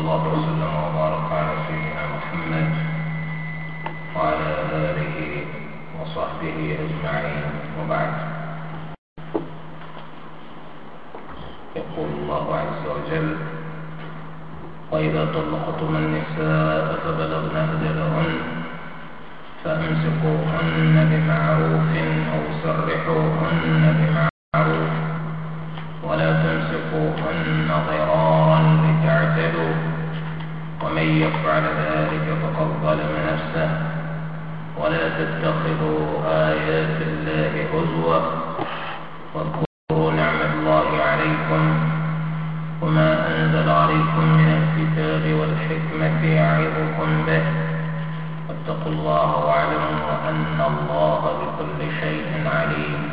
الله وسلم وبارك على سيدنا محمد وعلى آله وصحبه أجمعين وبعد يقول الله عز وجل وإذا طلقتم النساء فبلغن أجلهن فأمسكوهن بمعروف أو سرحوهن بمعروف ولا تمسكوهن غير ومن يفعل ذلك فقد ظلم نفسه ولا تتخذوا آيات الله هزوا واذكروا نعم الله عليكم وما أنزل عليكم من الكتاب والحكمة يعظكم به واتقوا الله واعلموا أن الله بكل شيء عليم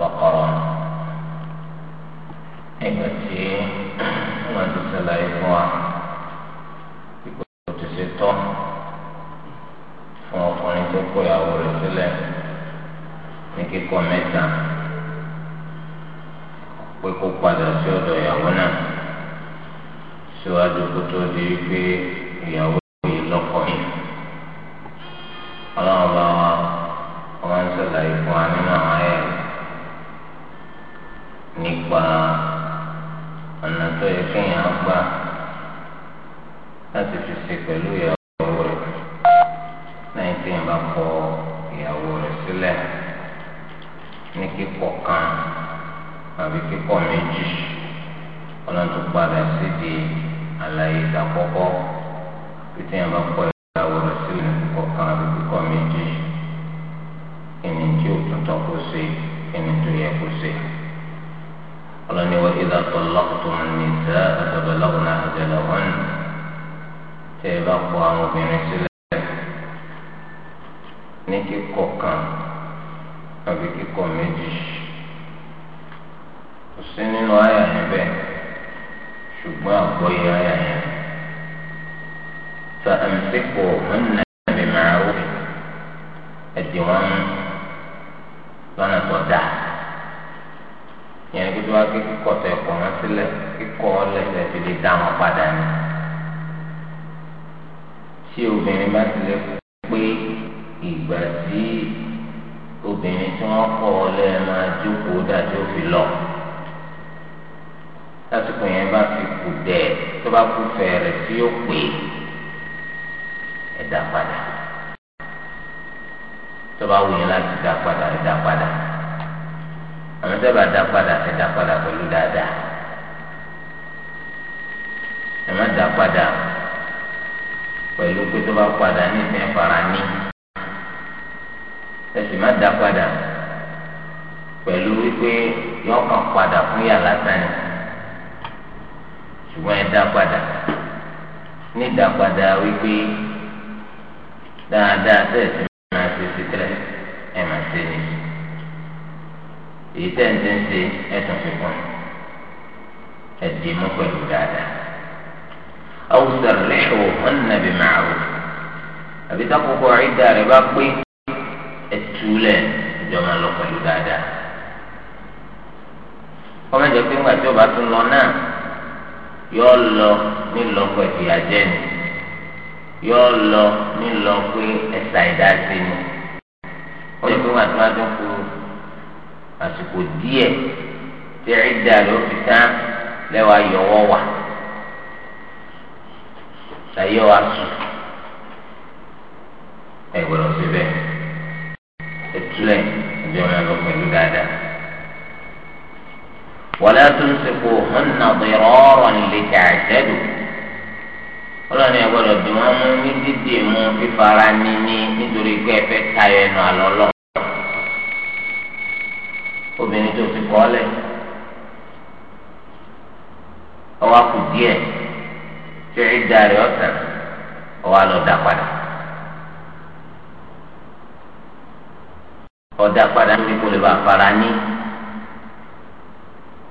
Baqarah nígbà tí wọ́n ti sẹ́láyé fún wa ìgbà tó ti ṣe tọ́ fún ọkùnrin tó kó ìyàwó rẹ̀ sílẹ̀ ní kíkọ́ mẹ́ta pé kó padà sí ọ̀dọ̀ sí nínú àyà yẹn bẹ́ẹ̀ ṣùgbọ́n àgbọ̀yé àyà yẹn ta àmìsíkò ọ̀hún ẹ̀mí màáwó ẹ̀dì wọn mú lọ́nà tó dáa yẹn kí tó wá kí kíkọ́ tẹ ẹ̀kọ́ wọn sílẹ̀ kíkọ́ lẹ́sẹ̀ fi lè dá wọn padà ní. tí obìnrin bá ti lè pé ìgbà tí obìnrin tí wọ́n kọ́ ọ lẹ́ẹ̀ máa jókòó dájú fi lọ lásìkò yẹn bá fi kù dẹ̀ tó bá kú fẹ̀rẹ̀ tí yóò pè ẹ̀dá padà tó bá wù yín láti dá padà ẹ̀dá padà àwọn tẹ́ bá dá padà ẹ̀dá padà pẹ̀lú dáadáa ẹ̀ má dá padà pẹ̀lú pé tó bá padà ní ìfẹ́ fara ní ẹ sì má dá padà pẹ̀lú wípé yọ̀ọ̀kan padà fún yàrá sani ṣùgbọ́n ẹ dá padà ní dá padà wípé dáadáa tẹ̀sí máa ṣe sí tẹ́lẹ̀ ẹ máa ṣe ni èyí tẹ̀sí ń ṣe ẹ̀sùn fífún ẹ dì mú pẹ̀lú dáadáa. awùsàn lẹ́hìn òfin nàbì máa wò àbí tákòkò àìdá rẹ̀ bá pé ẹtúlẹ̀ ìjọba lọ pẹ̀lú dáadáa. ọmọ ìjọ pé ńgbà tí ó bá tún lọ náà. yọ lọ nílọpọ ìfìyàjẹ ni yọ lọ nílọpọ ẹsà ìdásí ni ó yẹ kó wọn àti wọn tó kú àsìkò tí fi tán wà láyé wa sùn ẹ ولا تمسكوهن ضرارا لتعتدوا ọlọ́run ní ẹ̀gbọ́dọ̀ bí wọ́n mú ní dídì mú fífara níní nítorí pé ẹ fẹ́ tayọ ẹnu àlọ́ lọ. fi kọ́ lẹ̀ ọwọ́ kù díẹ̀ tí ìdá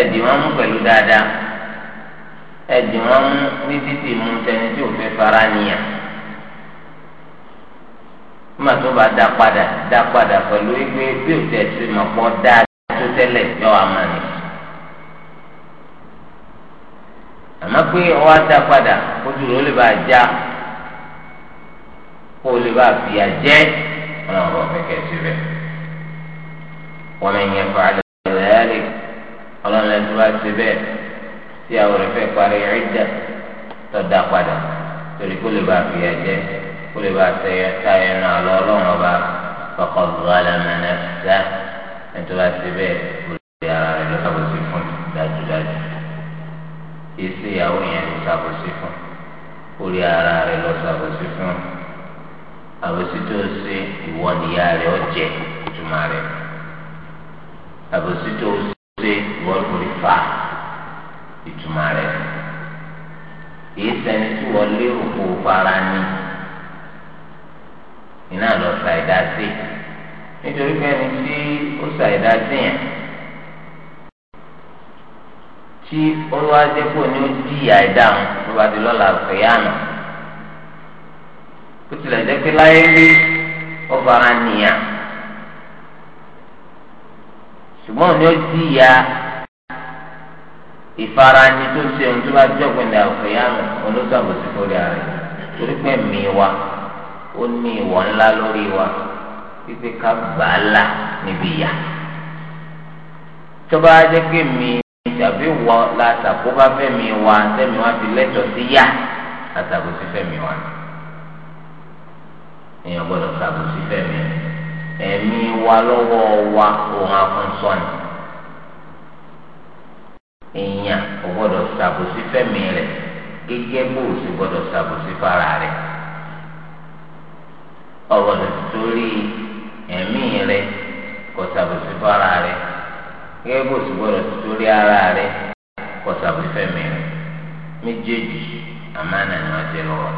ẹ̀dì wọn mú pẹ̀lú dáadáa ẹ̀dì wọn mú ní títì mú tẹni tí ò fẹ́ fara nìyà má tó bá dá padà dá padà pẹ̀lú wípé bí ò tẹ̀ sí mọ̀ pọ̀ dáa tó tẹ́lẹ̀ yọ àmà ni. àmọ́ pé ọwọ́ dá padà ojú rẹ̀ ó lè bá já kó o lè bá fìyà jẹ́ ọ̀nà ọ̀rọ̀ fẹ́kẹ̀ síbẹ̀. wọ́n mẹ́yìn ẹ̀fọ́ alẹ́ ọlọ́run ẹni tó bá ṣe bẹ́ẹ̀ tí àwọn rẹ̀ fẹ́ parí ẹ̀ẹ́dà tó dá padà torí kó lè bá fi ẹ̀jẹ̀ kó lè bá ṣe ta ẹran àlọ́ ọlọ́run ọba kọ́kọ́ gbọ́dọ̀mọ́nà ṣá ẹni tó bá ṣe bẹ́ẹ̀ olùdarí ara rẹ̀ ló ṣàkóso fún dájúdájú èsì ìyàwó yẹn ló ṣàkóso fún orí ara rẹ̀ ló ṣàkóso fún àbòsí tó rẹ̀ ọ̀jẹ̀ ìtumọ̀ rẹ̀ àbòsí ṣe wọ́n lórí fa ìtumọ̀ rẹ̀ kìí sẹ́ni tí wọ́n lé òkú fara ní iná lọ sa sí nítorí pé ẹni tí ó sa sí yẹn tí ó ẹ̀dá wọn ló bá di lọ́la ó tilẹ̀ jẹ́ ṣùgbọ́n ní ó sì ya ìfarani tó ṣe ohun tó bá jọ̀gbìn ní àwòkẹ́yàmù olóṣàbòsí lórí ààrẹ torí pé mi wa ó ní ìwọ̀ ńlá lórí wa wípé ká gbà á là níbi ìyá tó bá jẹ́ pé mi tàbí wọ la ṣàkóbá fẹ́mi wa sẹ́mi wa fi lẹ́tọ̀ọ́ sí yá la ṣàkóso fẹ́mi wa èèyàn gbọ́dọ̀ ṣàkóso fẹ́mi wa. ẹ̀mí wa lọ́wọ́ wa òun afúnṣọ́ ni èèyàn kò gbọ́dọ̀ ṣàbòsí fẹ́mi rẹ̀ gẹ́gẹ́ bó o sì gbọ́dọ̀ ṣàbòsí fara rẹ̀ ọ̀gbọ́dọ̀ torí ẹ̀mí rẹ̀ kò ṣàbòsí fara rẹ̀ gẹ́gẹ́ bó o sì gbọ́dọ̀ torí ara rẹ̀ kò ṣàbòsí fẹ́mi rẹ̀ méjèèjì àmánà ni wọ́n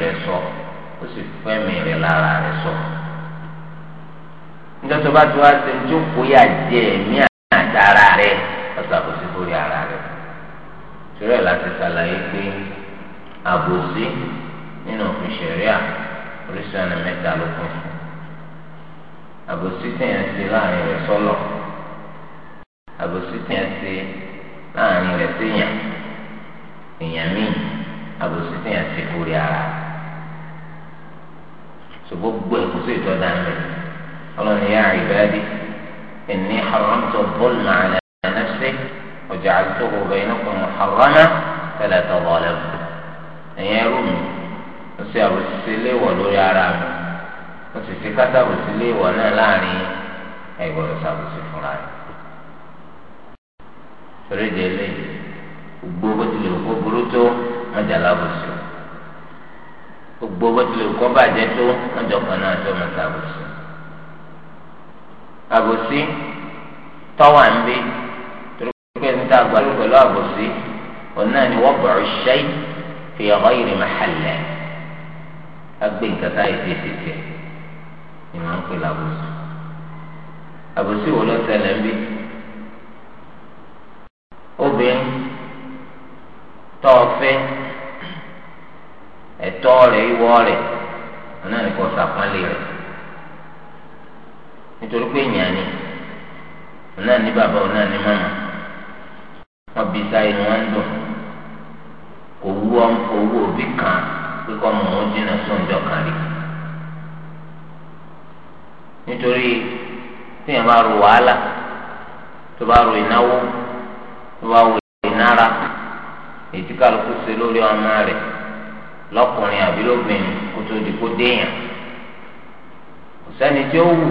ti sọ. ó sì fẹ́ mi rẹ̀ lára rẹ̀ sọ. nígbà tó bá tó wá ṣe tó kó yà jẹ ẹ̀mí àtàrà rẹ̀ ọ̀sàbòsí lórí ara rẹ̀. ìṣòro ẹ̀ láti ṣàlàyé pé àbòsí nínú òfin ṣẹ̀ríà oríṣi ọ̀nà mẹ́ta ló kún fún. àbòsí tẹ̀yàn ṣe láàrin rẹ̀ sọ́lọ̀ àbòsí tẹ̀yàn ṣe láàrin rẹ̀ séèyàn èèyàn àbòsí tẹ̀yàn ṣe kórè ara rẹ̀ gbogbo ẹ̀kú sí ìjọba ẹ̀ ọlọ́ni yá ìbáàdì ẹ̀ní haramtu bọ́ọ̀lù àlẹ́ ẹ̀nẹ́sẹ̀ ọjà àtúntò bẹ̀yìnàkùn harama tẹ̀lẹ̀ tọ̀bọ̀lẹ̀ ẹ̀yẹ rú mi ó sì àbòsí léwọ̀ lórí ara mi ó sì fi kátà àbòsí léwọ̀ náà láàrin ẹ̀ gbọ́dọ̀ fúnra rẹ̀ torí ìdílé gbogbo tilẹ̀ kó burú tó mọ́jà lábòsí gbogbo bó tilẹ̀ kọ́ bàjẹ́ tó ọjọ́ kan náà tó máa ṣàbòsí. àbòsí tọ́wà ń bí torí pé ń ta àgbàlú pẹ̀lú àbòsí òun náà ni wọ́n bọ̀rọ̀ ṣẹ́ fi ọ̀rọ̀ ìrìn màhàlẹ̀ agbé nǹkan táyé ti ti tiẹ̀ ni wọ́n ń pè lábòsí. àbòsí wo ló ṣẹlẹ̀ ń bí? obìnrin tọ́ ọ fẹ́. ẹ̀tọ́ rẹ̀ ìwọ rẹ̀ ọ̀nà nìkan ṣàpọ́nlé rẹ̀ nítorí pé èèyàn ni ọ̀nà ní bàbá ọ̀nà ní ndụ, wọn bí sáyé ni ka ń dùn kò wú owó òbí kan pé kọ́ mọ̀ wọ́n jìnnà kan rí nítorí bá ro wàhálà tó bá ro ìnáwó lọkùnrin àbí lóbìnrin kó tó di kó déèyàn kò tí ó wù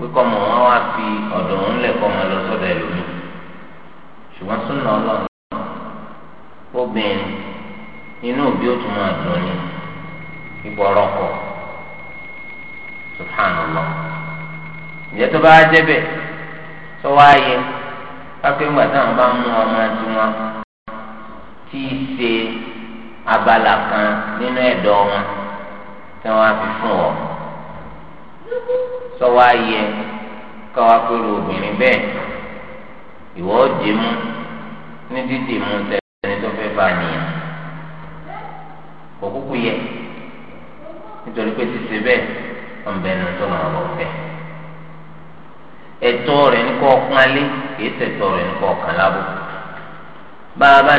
pé kọ́mọ wọn wá fi ọ̀dọ̀ òun lẹ̀ kọ́mọ lọ sọ́dọ̀ ẹlòmíì ṣùgbọ́n súnà obìnrin inú òbí ó tún máa dùn ní ìgbọ́rọ̀kọ̀ subhanallah ìjẹ́ tó bá tó abala kan nínú ẹ̀dọ̀ wọn tí wọ́n á fi fún ọ. sọ́wọ́ ayẹ káwá pẹ̀lú obìnrin bẹ́ẹ̀ ìwọ òdì mú ní dídì mú tẹ̀lé tó fẹ́ bá nìyẹn. kò kúkú yẹ nítorí pé títí bẹ́ẹ̀ ọ̀nbẹ́nu tó lọ́wọ́ bọ̀ fẹ́. ẹ̀tọ́ ní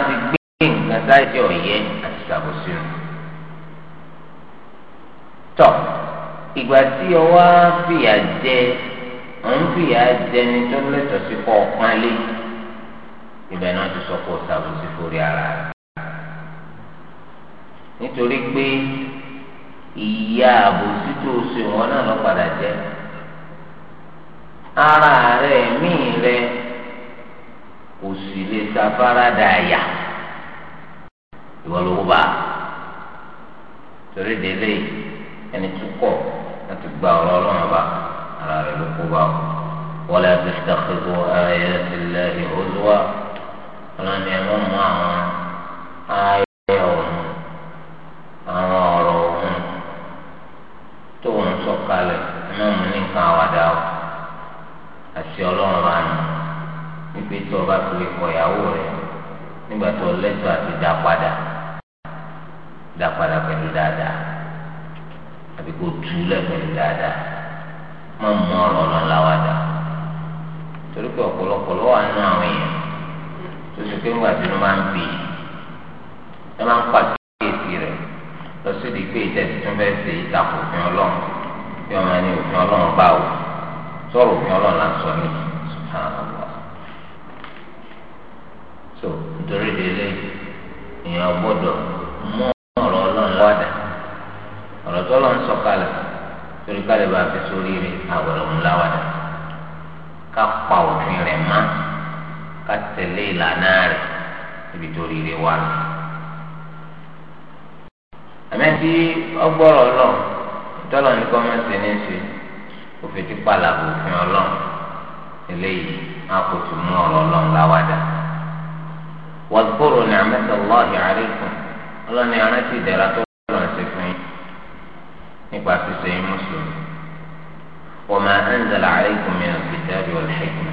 ti gbé kí nǹkan sáájì ọ̀yẹ́ àti ṣàbòsí o. tọ́ ìgbà tí ọwọ́ fìyà jẹ òun fìyà jẹni tó lẹ́tọ̀ọ́ sí kọ́ ọ̀pánlé ibẹ̀ náà ti sọ pé ó ṣàbòsí forí ara rẹ̀. nítorí pé ìyá àbòsí tó ṣe wọn náà lọ padà jẹ ara rẹ̀ míì rẹ̀ kò sì lè ṣàfaradà yà ìwọ ló bá torí délé ẹni tó kọ̀ láti gba ọ̀rọ̀ ọlọ́run ọba ara rẹ̀ ló kó bá wala tattakhidhu ayati llahi huzwa ọlọ́run ni ẹ mọ̀ mọ́ àwọn ayé ọ̀hún àwọn ọ̀rọ̀ ọ̀hún tó ń sọ̀kalẹ̀ náà mú ní nǹkan àwàdà ọ̀ àti ọlọ́run bá nù wípé tí ọba tó lè kọ ìyàwó rẹ̀ nígbà tó lẹ́tọ̀ọ́ àti dá padà dá padà pẹ̀lú dáadáa àbí kò túlẹ̀ pẹ̀lú dáadáa má mú ọ̀rọ̀ náà láwàdà torí pé ọ̀pọ̀lọpọ̀ ló wà nínú àwọn èèyàn tó ṣe pé ńgbà tí wọ́n máa ń bì í ẹ máa ń pàkíyèsí rẹ̀ lọ sí di pé ìtẹ̀sí tó fẹ́ ṣe ìtakò òfin ọlọ́run bí wọ́n máa ní òfin ọlọ́run bá wò sọ̀rọ̀ òfin ọlọ́run là ń sọ ní subhanallah so nítorí délé èèyàn gbọ́dọ̀ mú tọ́lọ̀ ń sọ̀kalẹ̀ torí ká lè bá fi sórí rẹ̀ àwọ̀rọ̀ ńlá wa dà ká pa òfin rẹ̀ mọ́ ká tẹ̀lé ìlànà rẹ̀ níbi tó rí rẹ̀ wá. àmì tí ọgbọ́rọ̀ lọ tọ́lọ̀ ní kọ́mẹ́sì ní ṣe òfin ti pàlàbò òfin ọlọ́run eléyìí máa kò tún mú ọ̀rọ̀ ọlọ́run láwàdà. واذكروا نعمة الله عليكم الله نعمتي دراتو nípa ṣíṣe yín mùsùlùmí wa ma anzala alaykum min al-kitabi wal-hikma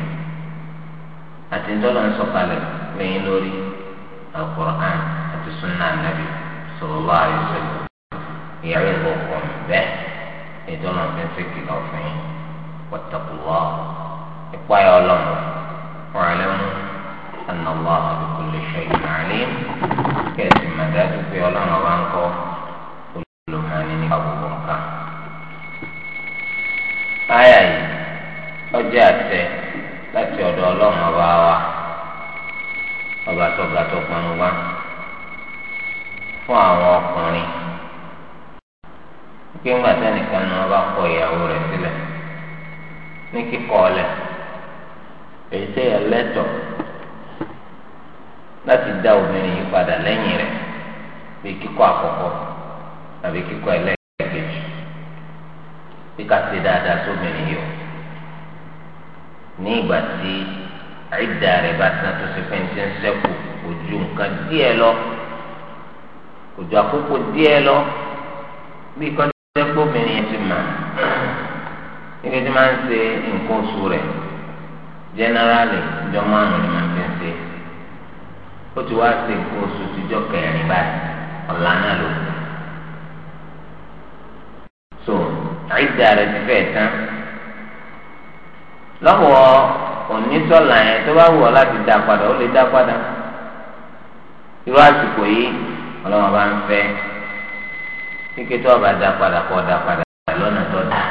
àti ńtọ́lọ̀ ń sọ̀kalẹ̀ lẹ́yìn lórí al-Qur'an àti sunna nabi sallallahu alayhi wa sallam ìyàrá ìbò kan bẹ́ẹ̀ ìtọ́lọ̀ ń fi ń fi kìlọ̀ fún yín wattaqullah ìpáyà ọlọ́run wa'lamu anna Allaha bi kulli kẹ́sì màdájú ọlọ́run ọba ń kọ́ olùmọ̀ọ́ni àbúkọ́. àyà yìí ọjọ́ àṣẹ láti ọ̀dọ̀ ọlọ́run ọba wa ọba tọ̀gà tó pọnú wá fún àwọn ọkùnrin pé ńgbà tẹnìkan ni wọn bá kọ ìyàwó rẹ̀ sílẹ̀ ní kíkọ̀ ọlẹ̀ èyí tẹ̀yẹ lẹ́tọ̀ọ́ láti dá obìnrin yìí padà lẹ́yìn bí pé ká ṣe dáadáa sóbìnrin yìí o ní ìgbà tí àìdá rẹ̀ bá tán tó ṣe fẹ́ ní ṣe ń ṣẹ́kù kò ju nǹkan díẹ̀ lọ kò ju àkókò díẹ̀ lọ bí kan tó ṣe gbóbìnrin yẹn ti mà níbi tí máa ń ṣe nǹkan oṣù rẹ̀ jẹ́nẹ́rálì ìjọ márùn ni máa ń fi ṣe ó ti wá ṣe nǹkan oṣù tíjọ́ kẹrin báyìí ọ̀la náà ló kù. ìdá rẹ̀ ti fẹ́ tán lọ́wọ́ onítọ̀là yẹn tó bá wù ọ́ láti dá padà ó lè dá padà irú àsìkò yìí ọlọ́wọ́ bá ń fẹ́ kíkẹ́ tó ọba dá padà kọ́ dá padà lọ́nà tó dá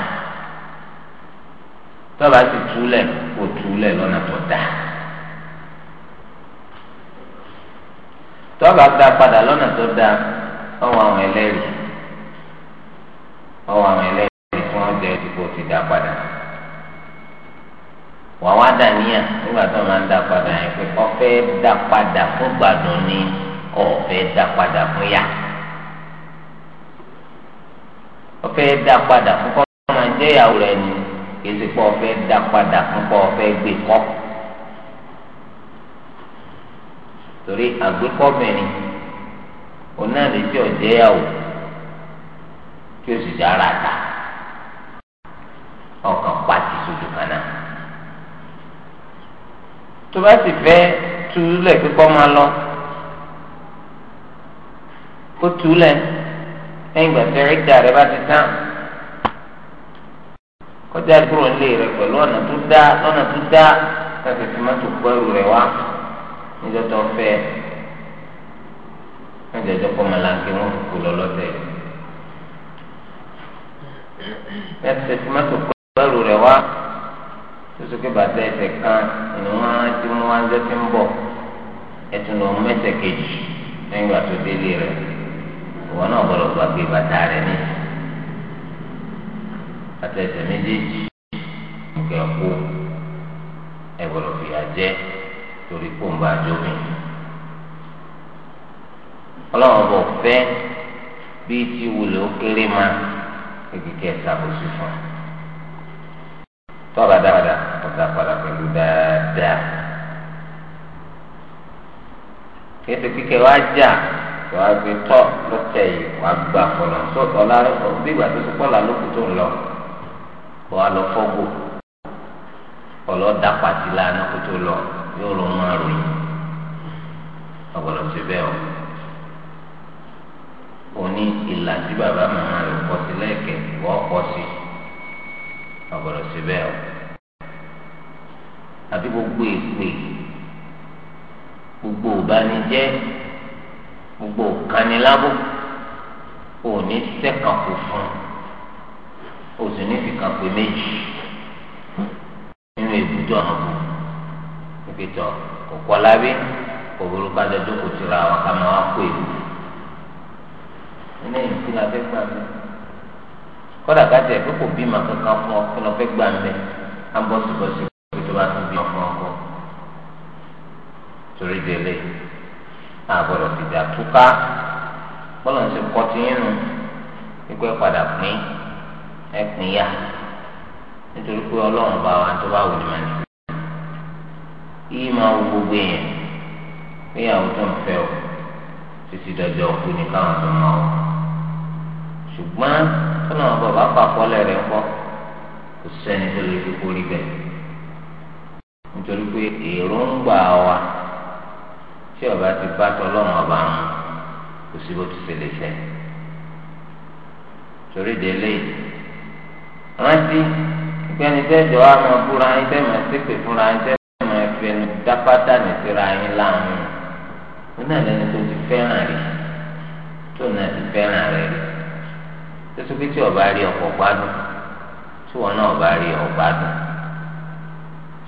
tó ọba sì túlẹ̀ kó túlẹ̀ lọ́nà tó dá tó ọba dá padà lọ́nà tó dá ọwọ́ àwọn ẹlẹ́rìí ọwọ́ àwọn ẹlẹ́rìí. jẹ́ ti kó ti dá padà wà wá dà níyà nígbà tó máa ń dá padà yẹn pé dá padà fún gbàdùn ni ọ̀fẹ́ dá padà fún yá ọ̀fẹ́ dá padà fún kọ́ máa jẹ́ ìyàwó rẹ̀ ni èsì pọ̀ ọ̀fẹ́ dá padà fún kọ́ gbé kọ́ torí àgbékọ́bìnrin sì dára ta. àwọn kan pàtì sójú kan náà tó bá sì fẹ́ túlẹ̀ kíkọ́ máa lọ kó túlẹ̀ lẹ́yìn ìgbà tí ẹ̀ríkà rẹ bá ti tán kọjá kúrò nílé rẹ pẹ̀lú ọ̀nà tó dá lọ́nà tó dá láti fi mọ́tò kó ẹrù rẹ wá níjọ́ tó ń fẹ́ níjọ́ tó kọ́ malanke wọn kò lọ lọ́tẹ̀. láti fi mọ́tò kó bẹ́ẹ̀rù rẹ̀ wá tuntun pé bàtà ẹsẹ̀ kan ni wọ́n á ti mú wá ń dẹ́sẹ̀ ń bọ̀ ẹtùn lòún mẹ́sẹ̀ kejì lẹ́yìn ìgbà tó délé rẹ̀ ìwọ náà gbọ́dọ̀ gba pé bàtà rẹ̀ ní bàtà ẹsẹ̀ méjèèjì nǹkan kú ẹ gbọ́dọ̀ fìyà jẹ torí kó ń bá a jó mi. ọlọ́run bọ̀ fẹ́ bíi ti wulẹ̀ ó kéré ma kékeré ẹ̀ sàbòsí fún un tọ́ba dáadáa ọ̀dà padà pẹ̀lú dáadáa. kéde kíkẹ́ wá jà wàá gbé tọ́ lọ́tẹ̀ yìí wàá gbà fọlọ́ tó ọ̀la bí ìgbà tó sọ́kọ́ là lókùn tó ń lọ kó wàá lọ fọ́gò ọ̀lọ́ da pàtì lánàá kó tó lọ yóò lọ mọ́ àrùn ọ̀gbọ̀dọ̀ ti bẹ́ẹ̀ o. òní ìlà tí bàbá màmá rẹ̀ kọ́ sí lẹ́ẹ̀kẹ́ wọ́n kọ́ sí ọ̀gbọ̀dọ̀ sí bẹ́ẹ̀ o àbí gbogbo èpè gbogbo ìbànújẹ́ gbogbo ìkanilábò ò ní sẹ́kàkù fún o sì ní fìkàpè méjì nínú ibùdó ọ̀nà kù ìpìtọ̀ kọ̀kọ́ lábí kòkòrò kájọ jókòó tìra àwọn kàmáwá kó èlú. ilé ìdílé abẹ́gbàgbé kọ́dà ká tẹ̀ kókò bímọ kankan fún ọ kí lọ fẹ́ gbà ń bẹ̀ á bọ́ síbọ̀sí kó tó bá tún bí ọmọ ọkọ. torí délé àgbọ̀dọ̀ fìdí àtúká bọ́lá ń ṣe kọ́ ti yín nu ikú ẹ̀ padà pín ẹ̀ pín yá nítorí pé ọlọ́run bá wa tó bá wù ní màní. yìí máa wo gbogbo èèyàn níyàwó tó ń fẹ́ o títí dọjọ́ òkú ní káwọn tó máa wọ̀ ṣùgbọ́n tó náà bàbá kọ àkọọ́lẹ̀ rẹ̀ kọ́ kò sẹ́ni tó lè fi kórìí bẹ́ẹ̀ nítorí pé èròǹgbà wa tí ọba ti bá tọlọ́run ọba mu kò sí bó ti ṣe lè fẹ́ torí délé rántí ìgbẹ́ni tẹ́jọ́ wa máa búra yín tẹ́ máa ṣépè fúnra yín tẹ́ máa fẹnu dápátá nìsíra yín láàmú ó náà lẹni tó ti fẹ́ràn rẹ̀ tó náà ti fẹ́ràn rẹ̀ rẹ̀ tuntun pé tí ọba rí ọkọ̀ gbádùn tí wọn náà ọba rí ọgbádùn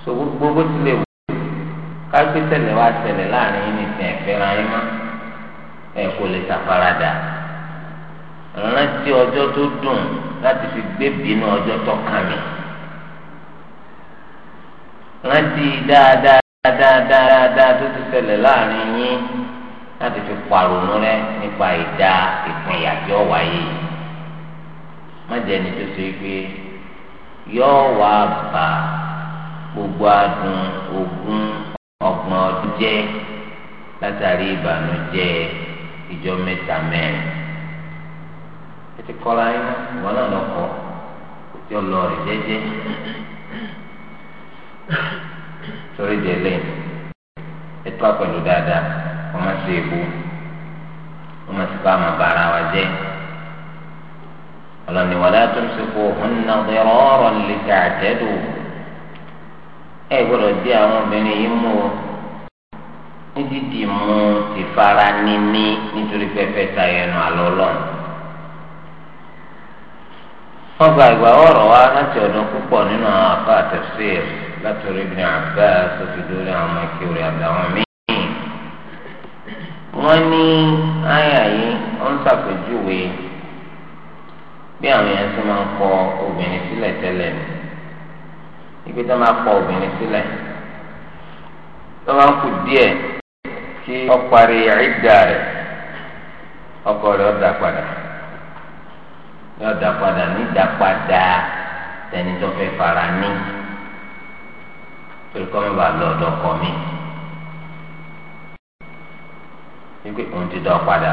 so gbogbo ti lè wù kápẹ́ tẹ̀lé wá tẹ̀lé láàrin yín ní sìn ẹ̀fẹ́ ra yín mọ́ ẹ̀ kò lè ṣàfaradà rántí ọjọ́ tó dùn láti fi gbé bínú ọjọ́ tó kàn mí rántí dáadáa dáadáa tó ti ṣẹlẹ̀ láàrin yín láti fi pàrònú rẹ nípa ìdá ìpínyàjọ́ wáyé yìí. ma ní tó ṣe pé yóò wá bá gbogbo adùn ogun ọgbọ̀n ọdún jẹ́ látàrí ìbànújẹ́ ìjọ mẹ́ta mẹ́rin ẹ ti kọ́ra yín ìwọ náà lọ kọ́ kò tí ó lọ rẹ̀ jẹ́jẹ́ torí ẹ tó dáadáa máa wa jẹ́. ọlọ́ni wàlá tó ń sèkó ọ̀nà ọ̀rọ̀ lè kà àtẹ́dù ẹ gbọ́dọ̀ dí àwọn obìnrin yìí mú o ní dídì mú ìfara níní nítorí pẹpẹ tayọ ẹnu àlọ́ lọ́nà. wọ́n gba ìgbà ọ̀rọ̀ wa láti ọ̀dọ̀ púpọ̀ nínú àwọn àfa àtẹ̀síẹ̀ látòrí Ibn Abbas tó fi dórí àwọn ìkéwìrì àtàwọn míì. wọ́n ní àyà yìí wọ́n ń ṣàpèjúwe bí àwọn èèyàn ti máa ń kọ obìnrin sílẹ̀ tẹ́lẹ̀ ni ibi tó máa kọ obìnrin sílẹ̀ tó máa ń kù díẹ̀ kí ọparí ìdá rẹ̀ ọkọ rẹ̀ ọ̀dà padà ọ̀dà padà nídàpadà tẹni tó fẹ́ fara ní torí kọ́ mi bá lọ ọ̀dọ̀ kọ́ mi wípé òun ti dọ̀ padà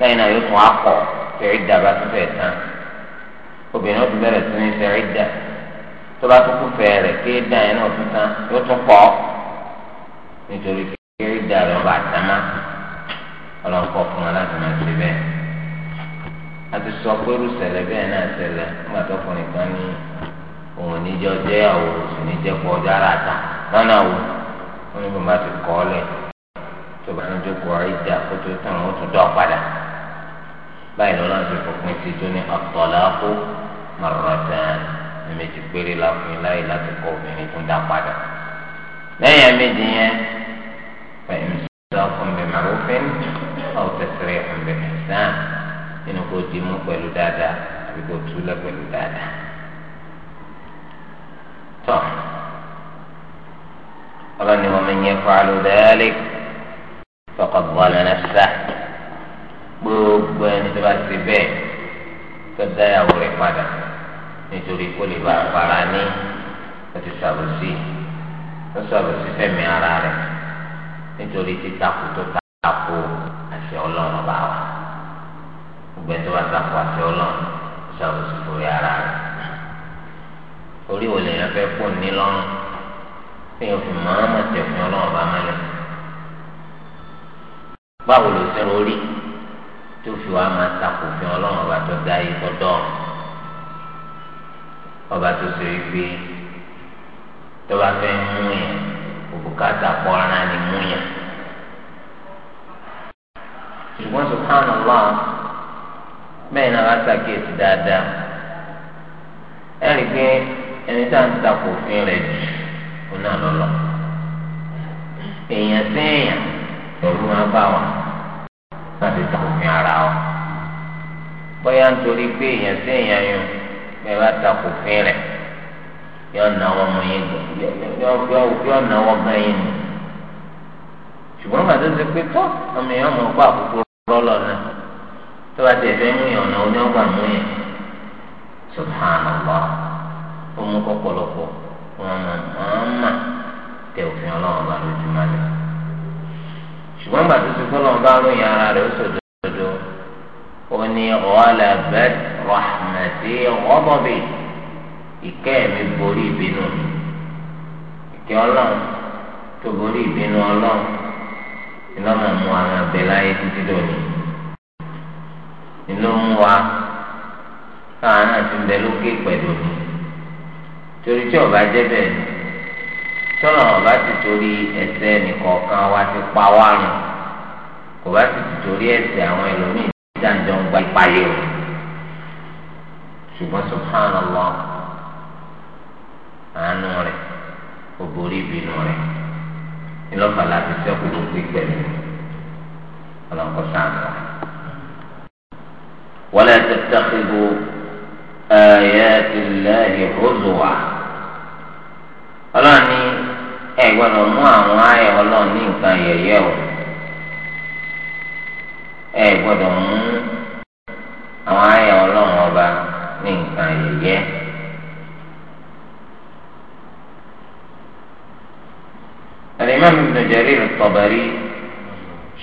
lẹ́yìn náà yóò tún á kọ̀ ọ́. ìdá bá tún fẹ́ tán obìnrin ó ti bẹ̀rẹ̀ sí ní sẹ́ ìdá tó bá tún kún fẹ́ rẹ̀ kí ìdá yẹn náà tún tán yóò tún pọ̀ nítorí kí ìdá rẹ̀ bá tán má ọlọ́nkọ fún wa láti máa ṣe bẹ́ẹ̀ àti sọ pé rúṣẹ̀lẹ̀ bẹ́ẹ̀ náà ṣẹlẹ̀ nígbà ara ta lọ́nà wo wọn ní bàbá ti kọ́ ọ lẹ̀ tó bá ń jókòó ìdá báyìí lọ́la ti fòpin sí tó ní at-talaqu marratan ẹ̀mẹ́jì péré láfún yín láyé láti kọ́ obìnrin tó dá padà lẹ́yìn ẹ̀mẹ́jì yẹn fa'imsakun bi ma'rufin aw fún bi ihsan nínú kó di mú pẹ̀lú dáadáa àbí kó tú túlẹ̀ pẹ̀lú dáadáa. tọ́ ọlọ́ni wọn mi yẹn fa'alu dhalik faqad zalama nafsahu gbogbo ẹni. bá ti bẹ́ẹ̀ tó dáyàwó rẹ̀ padà nítorí kó lè bá para ní ó ti ṣàbòsí ó ṣàbòsí fẹ́mi ara rẹ̀ nítorí títakò tó takò àṣẹ ọlọ́run bá wà gbogbo ẹni tó bá takò àṣẹ ọlọ́run ó ṣàbòsí fúri ara rẹ̀ orí wo lèèyàn fẹ́ kó ní lọ́rùn fi hàn fún màmá ọlọ́run bá mẹ́lẹ̀ báwo ló ṣe ń tó fi wá máa takò fún ọlọ́run ọba tó dá yìí tọ́dọ̀ ọba tó ṣe é gbé tọ́ba fẹ́ mú yẹn òbúkátà pọ̀ ara ni mú yẹn. ṣùgbọ́n sùpáànù lọ́wọ́ bẹ́ẹ̀ náà wá ṣàkíyèsí dáadáa ẹ rí i pé ẹni tá à ń takò rẹ̀ jù ó náà lọ́lọ́ èèyàn sí èèyàn ẹ̀rù máa láti takùnmí ara wọn bóyá nítorí pé èèyàn sí èèyàn yun bẹ́ẹ̀ bá takò fín rẹ̀ yọ ọ̀nà wọn mọ yẹn yọ ọ̀nà wọn gan yẹn ni ṣùgbọ́n màá tó pé tó ọmọ èèyàn mọ̀ ọ́pá àkókò rọ́lọ́ náà tó bá tẹ̀ fẹ́ mú yẹn ọ̀nà oní ọgbà mú yẹn subhanallah ó mú kọ́pọ̀lọpọ̀ wọn mọ̀ ọ́n mà tẹ òfin ọlọ́run bá lójúmọ́ lẹ́yìn ṣùgbọ́n gbà tó ti kó lọ́n bá ròyìn ara rẹ̀ ó sòdodo ó ní ọ̀ọ́lẹ̀ bẹ́ẹ̀ rahmatí ọ̀bọ̀bì ìkẹ́ mi borí ìbínú mi ìkẹ́ ọlọ́run tó borí ìbínú ọlọ́run iná máa mú àwọn abẹ láyé títí dòní inú mú wa káwọn náà ti bẹ lókè pẹ̀lú mi torí tí ọba jẹ́ bẹ́ẹ̀ ni tọ́nà ọ̀bá ti torí ẹsẹ̀ nìkọ̀ọ̀kan wa ti pa wá rùn kò bá ti torí ẹsẹ̀ àwọn ẹlòmíì dáńjọ́ ń gba ìpayé o ṣùgbọ́n subhanallah àánú rẹ̀ ó borí ìbínú rẹ̀ ńlọ́fà láti sẹ́kù ló gbé pẹ̀lú ọlọ́kọ̀ sáànù rẹ̀. wala tattakhidu ayati llahi huzwa ìgbọ́dọ̀ mú àwọn ayọ̀ ọlọ́run ní nǹkan yẹ̀yẹ́ o ẹ gbọ́dọ̀ mú àwọn ayọ̀ ọlọ́run ọba ní nǹkan yẹ̀yẹ́. الإمام ابن جرير الطبري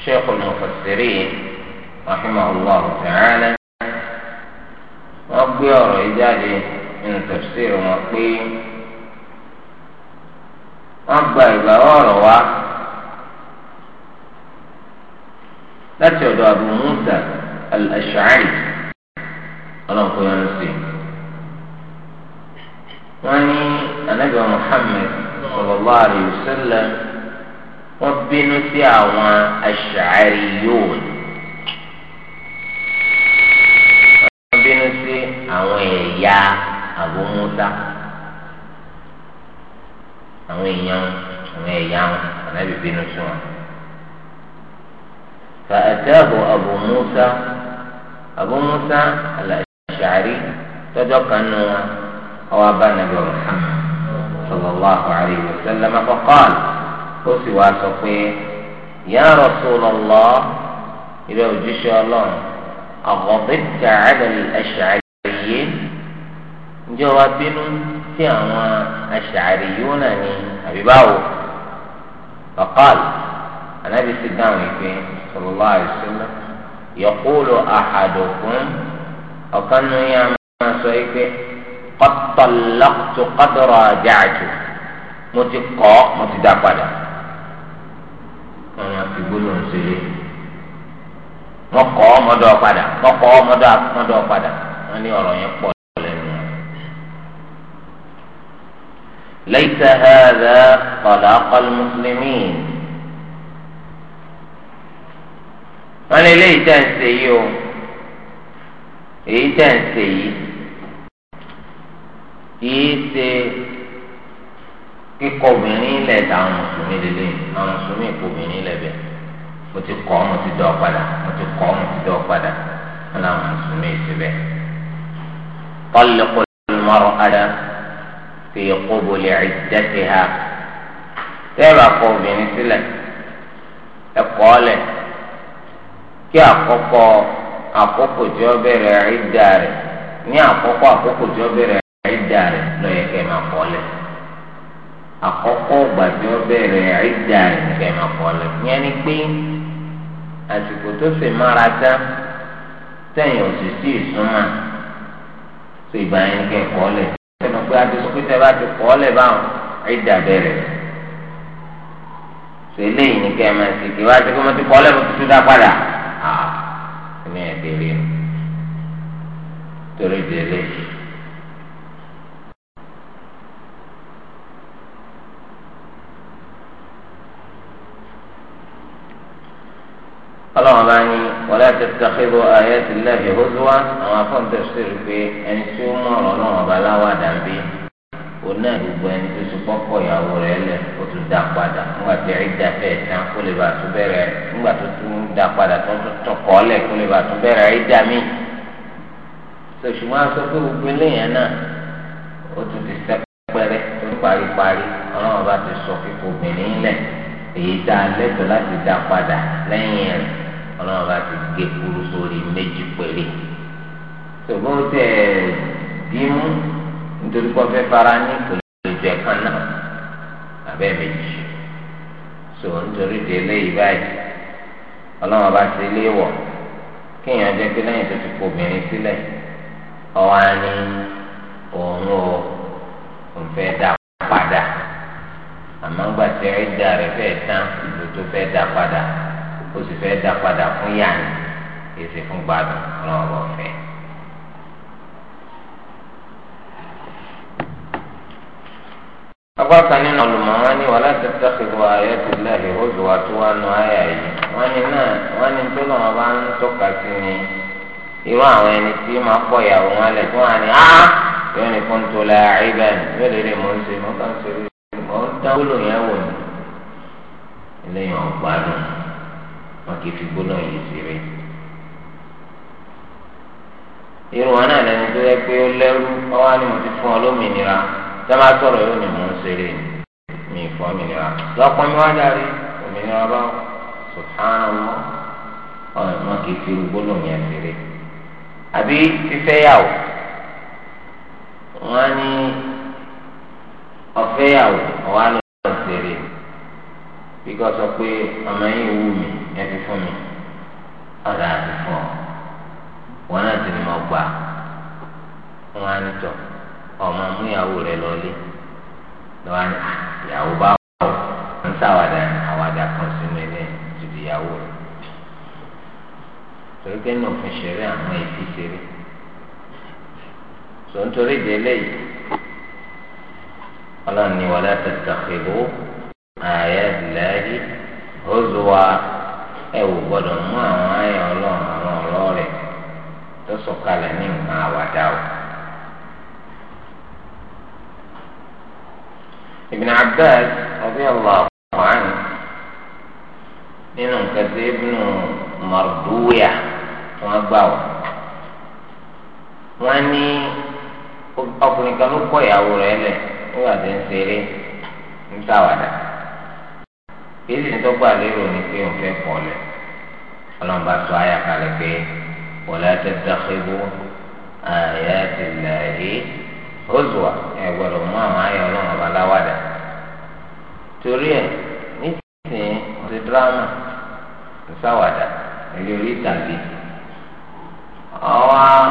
شيخ المفسرين رحمه الله تعالى وأبو يورو إجازة من تفسير وقيم wọ́n gba ìgbàwọ́ ọ̀rọ̀ wa láti ọ̀dọ̀ Abu Musa al-Ash'ari ọlọ́run kò yọrọ sí i wọ́n ní anabi Muhammad sallallahu alayhi wa sallam wọ́n bínú sí àwọn Ash'ari yóò ní. wọ́n bínú sí àwọn ẹ̀yà Abu àwọn èèyàn àwọn ẹ̀yà ànábì bínú sí wọn. فأتاه أبو موسى أبو موسى الأشعري تدقنوا أو أبا نبي محمد صلى الله عليه وسلم فقال وسوى سقيه يا رسول الله إذا وجيش الله أغضبت على الأشعريين جوابين tí àwọn aṣàárẹ̀ yóò náà ní àbíbáwò bàkàl anábì sì dáhùn ìpè sọlọ́lá àìsílẹ̀ yọkúlò àhàdùkún ọ̀kan nù yà máa sọ ìpè kọ́tọ̀lọ́kùtù kọ́tọ̀rọ̀ àjáàjù mo ti kọ́ mo ti dá padà wọn máa fi gbólóhùn sílé wọn kọ́ ọmọdé ọ̀padà wọn kọ́ ọmọdé ọ̀padà wọn ní ọ̀rọ̀ yẹn pọ̀ ليس هذا طلاق المسلمين wọn eléyìí tẹ̀ ń ṣe yìí o èyí tẹ̀ ń ṣe yìí kìí ṣe kíkọ obìnrin lẹ̀ dá àwọn mùsùlùmí lélẹ̀ àwọn mùsùlùmí kọ obìnrin lẹ̀ bẹ̀ mo ti kọ́ mo ti dọ̀ padà mo ti kọ́ mo ti dọ̀ padà wọn làwọn mùsùlùmí ṣe bẹ́ẹ̀. طلق المرأة fi qubuli iddatiha tẹ́ẹ̀bà kọ obìnrin sílẹ̀ ẹ̀kọ́ ọ̀lẹ̀ kí àkọ́kọ́ àkókò tí ó bẹ̀rẹ̀ ìdá rẹ̀ ní àkọ́kọ́ àkókò tí ó bẹ̀rẹ̀ ìdá rẹ̀ ló yẹ kẹ́ máa kọ́ ọ̀lẹ̀ àkọ́kọ́ ìgbà tí ó bẹ̀rẹ̀ ìdá rẹ̀ kẹ́ máa kọ́ ọ̀lẹ̀ yẹn ni pé àsìkò tó sì mára tán sẹ́yìn òsì ìsúnmọ́ tó ìgbà yẹn kẹ́ kọ́ ọ̀lẹ̀ pé àti sọ pé tẹ́ bá ti kọ́ lẹ̀ báwọn ẹ̀dà bẹ̀rẹ̀ sọ eléyìí ní kẹ́ ẹ máa ṣe kí wá sí pé mo ti kọ́ lẹ̀ mo ti tún dá padà ah, ní ẹ̀dẹ̀rẹ̀ torí di eléyìí. ọlọ́run bá ní wọlé tẹsítàkìlú ayé ti lẹ́bi hóṣùwà àwọn afọ́ǹtẹ̀ sọ̀rọ̀ pé ẹni tí ó mọ̀ ọ̀rọ̀ náà ọba láwà dàbí òun náà gbogbo ẹni tó so pọ́pọ̀ ìyàwó rẹ̀ lẹ̀ ó tún dá padà nígbà tí ẹ̀rí dá fẹ́ tán kó lè bá tún bẹ̀rẹ̀ nígbà tó tún dá padà tó tún tọkọ̀ lẹ̀ kó lè bá tún bẹ̀rẹ̀ ẹ̀rí dá mí. sòṣùmọ́ aṣọ pé gbogbo eléyàn lẹ́tọ̀ọ́ láti dá padà lẹ́yìn rẹ̀. ọlọ́run bá ti gé kúrú sórí méjì péré ṣùgbọ́n tẹ̀ bímú nítorí kó fẹ́ fara ní ìpèlè kan náà abẹ́ méjì so nítorí délé ìbáyìí ọlọ́run bá ti lé wọ̀ kéèyàn jẹ́ pé lẹ́yìn tó ti kó obìnrin sílẹ̀ ọwọ́ á òun ò fẹ́ padà àmọ́ gbàtẹ́ ẹ̀dá rẹ̀ fẹ́ tán ìlú tó fẹ́ padà. ó sì fẹ́ dá padà fún yàrá èsì fún gbádùn ọlọ́wọ́ fẹ́. apá kan nínú ọlùmọ̀ọ́ ní wàhálà tẹ́tẹ́ kìlọ̀ ayé ti lẹ́hìn ojú wa tó wà nù ayé yìí wọ́n ní náà wọ́n ní tó lọ́wọ́ bá ń tọ́ka sí ni irú àwọn ẹni tí máa pọ̀ ìyàwó wọn lẹ̀ tí wọ́n á ní á yóò ní fún tó la ibẹ̀ yóò lè lè mọ̀ ń ṣe mọ̀ ká ń ṣe mọ̀ ń dáwọ́ lòyẹ̀wò ni eléyìí ọ̀gbádùn wọn kì í fi gbóná yìí ṣeré irun wọn náà lẹni tó yẹ pé ó lẹ́rú ọwọ́ ni mo ti fún ọ lómìnira sábà sọ̀rọ̀ yóò ní mò ń ṣeré mi fún òmìnira lọ́pọ̀ mi wá jáde òmìnira bá subhanallah ọ̀rọ̀ wọn kì fi gbóná yẹn ṣeré àbí fífẹ́ yàwó wọn ní ọ̀fẹ́ yàwó ọ̀wá ló ń bí sọ pé ọmọ yìí wù mí ẹ fi fún mi ọ̀dà àti fún ọ wọn náà ti ní mọ gbà wọn á ní tọ ọmọ múyàwó rẹ lọlé lọ́wọ́ ní ìyàwó bá wọ̀ ń sáwàdà àwàdà kan sínú ẹlẹ́ ti di ìyàwó rẹ torí pé ṣeré àwọn èsì ṣeré ọlọ́run ni wàlá tẹ̀sítà pẹ̀lú. ayat Allah huzwa ẹ wò gbọdọ̀ mú àwọn ayé ọlọ́run àwọn ọ̀rọ̀ rẹ̀ tó sọ̀kalẹ̀ ní nǹkan àwàdà o. Ibn Abbas radiyallahu anhu nínú nǹkan tí Ibn Marduya wọn gbà wọ́n wọ́n ní ọkùnrin kan ló kọ ìyàwó rẹ̀ lẹ̀ nígbà tí ń ṣeré ń tàwàdà kéde ní dọ́gba lérò ni pé òun fẹ́ pọ̀ lẹ̀ ọlọ́mọba sọ àyà kalẹ̀ pé wọlé ẹtẹ dàkébù àyà ti lẹ̀ yé ozuwa ẹ gbọ́dọ̀ mú àwọn àyà ọlọ́mọba láwàdà torí ẹ nísìnyí ti dírámà ìsáwàdà ẹ̀lẹ́ orí ìtàgé àwọn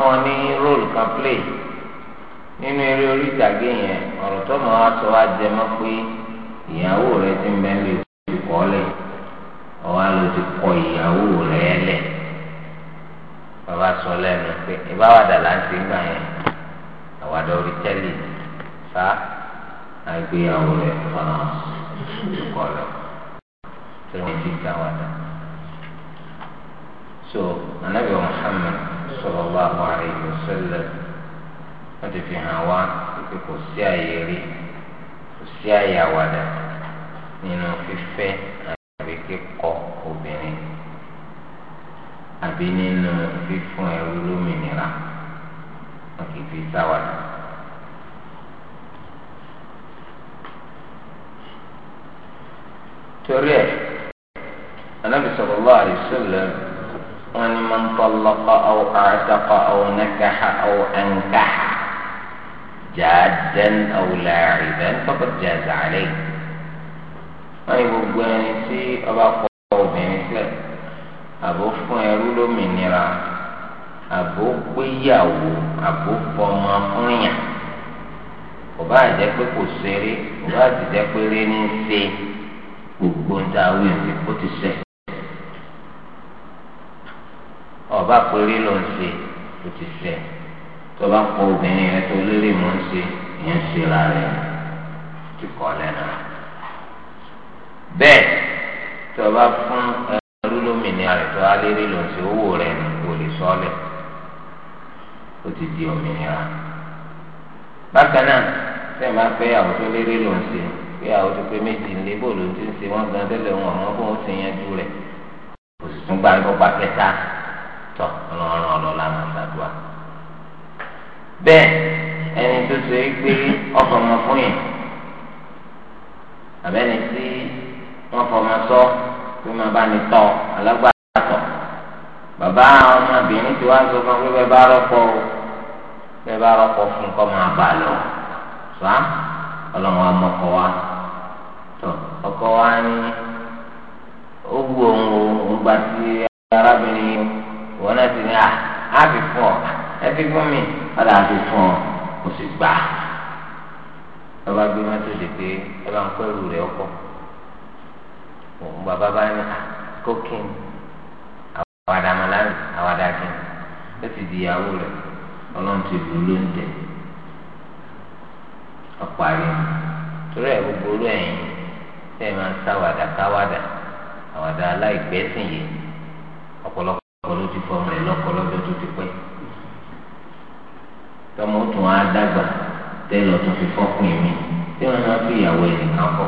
wọn ní róòlù kan plé nínú eré orí ìtàgé yẹn ọ̀rọ̀ tó máa tó wá jẹ mọ́ pé ìyàwó rẹ ti ń bẹ́ẹ̀ lè kọ́ lẹ̀ ọ̀wá ló ti kọ ìyàwó rẹ lẹ̀ bàbá sọ lẹ́nu pé ìbáwádà là ń ti gbà yẹn àwàdà orí tẹ́lẹ̀ fa àgbéyàwó rẹ fọ́nà ti kọ́ lọ tó ní ti gbà wàdà. so anabi Muhammad sallallahu alaihi wasallam wọ́n ti fi hàn wá pé kò sí àyè rí kò sí àyè àwàdà. nínú fífẹ́ àbí kíkọ obìnrin àbí nínú fífún ẹrú lómìnira wọn kì í fi sáwàdà. torí ẹ anabi sallallahu alaihi wasallam wọn ni man talaqa aw a'taqa aw nakaha aw ankaha jaadan aw la'iban faqad jaza alayhi. wọ́n ní gbogbo ẹni tí ọba kọ obìnrin sílẹ̀ àbò fún ẹrú lómìnira àbò gbéyàwó àbò fọmọ fúnyàn kò bá jẹ́ pé kò ṣeré kò bá ti jẹ́ pé eré ní ṣe gbogbo ń ta awé òfin kó ti ṣe ọba péré ló ń ṣe kó ti ṣe tó bá kọ obìnrin rẹ tó lérè mọ́ ń ṣe ń ṣe lára rẹ ti kọ́ lẹ́nu bẹ́ẹ̀ tó o bá fún ẹrú lómìnira rẹ̀ tó a lè rí lòun sí owó rẹ̀ ní kò lè sọ́ọ̀lẹ̀ ó ti di òmìnira bákan náà sẹ́ẹ̀ máa fẹ́ àwọn tó lè rí lòun sí pé àwọn tó pé méjì ńlẹ́ bó ló ti ń ṣe wọ́n gan tẹ́lẹ̀ wọn àwọn kó wọ́n ti yanjú rẹ̀ kò sì tún gba ìkọ́pá kẹta tọ̀ ọlọ́run ọlọ́lá máa ń gbàdúrà bẹ́ẹ̀ ẹni tó so é gbé ọkọ̀ ọmọ fún yẹn àbẹ́ni tí wọn fọmọ sọ kó máa bá ní tọ alágbàtọ bàbá ọmọbìnrin tí wàá sọ fún pé bẹ́ẹ̀ bá rọpò bẹ́ẹ̀ bá rọpò fún kọ máa bà lọ sọ Ọlọ́run amọkọ wa tọ ọkọ wa ní ó wù òun òun gba sí arábìnrin wọn náà ti ní à á fi fún ọ ẹ fi fún mi ọ̀dà á fi fún ọ kò sì gbà. Bàbá gbé mọ́tò dè ẹ bá ń kọ́ ẹrù rẹ̀ ọkọ̀. òun bàbá bá ní kókìn àwàdà màláàrin àwàdà kìn ó sì di ìyàwó rẹ ọlọ́run ti lù ú lóúnjẹ ọ̀parí torí ẹ̀ gbogbo ẹ̀yìn máa ń sáwàdà káwàdà àwàdà ọ̀pọ̀lọpọ̀ ló ti fọmọ rẹ̀ lọ́kọ̀ọ́lọ́dọ́ tó ti pẹ́ tọmọ tún á dàgbà fi mi tí máa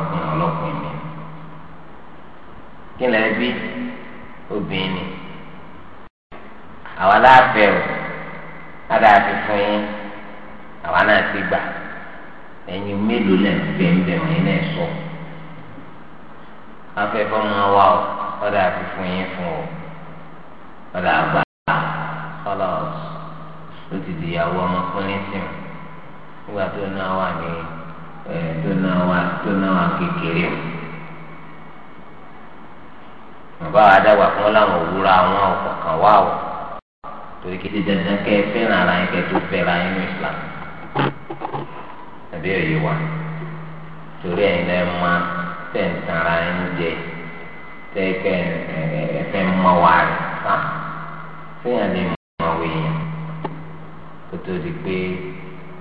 kí lẹ bí obìnrin àwa láàfẹ o ti fún yín àwa náà ti gbà ẹ̀yin mélòó lẹ fẹ́ ń bẹ wọn náà sọ afẹ́fọ́ máa wà o àti fún yín fún o àgbà ti di ìyàwó ọmọkùnrin sí mi nígbà tó náà wà ní tó náà wà kékeré o. bàbá wa dáwà fún láwọn òwúrọ̀ àwọn ọ̀kọ̀ọ̀kan wà ó torí kí dídá dídá kẹ́ ẹ fẹ́ràn ara yín kẹ́ tó fẹ́ràn yín ní Islam àbí ẹ̀yẹ wa torí ẹ̀yin lẹ́ máa tẹ̀ ń tan ara yín jẹ tẹ́ kẹ́ ẹ fẹ́ mọ́ wa rẹ̀ sá fẹ́yàn lè mọ àwọn èèyàn kó tó di pé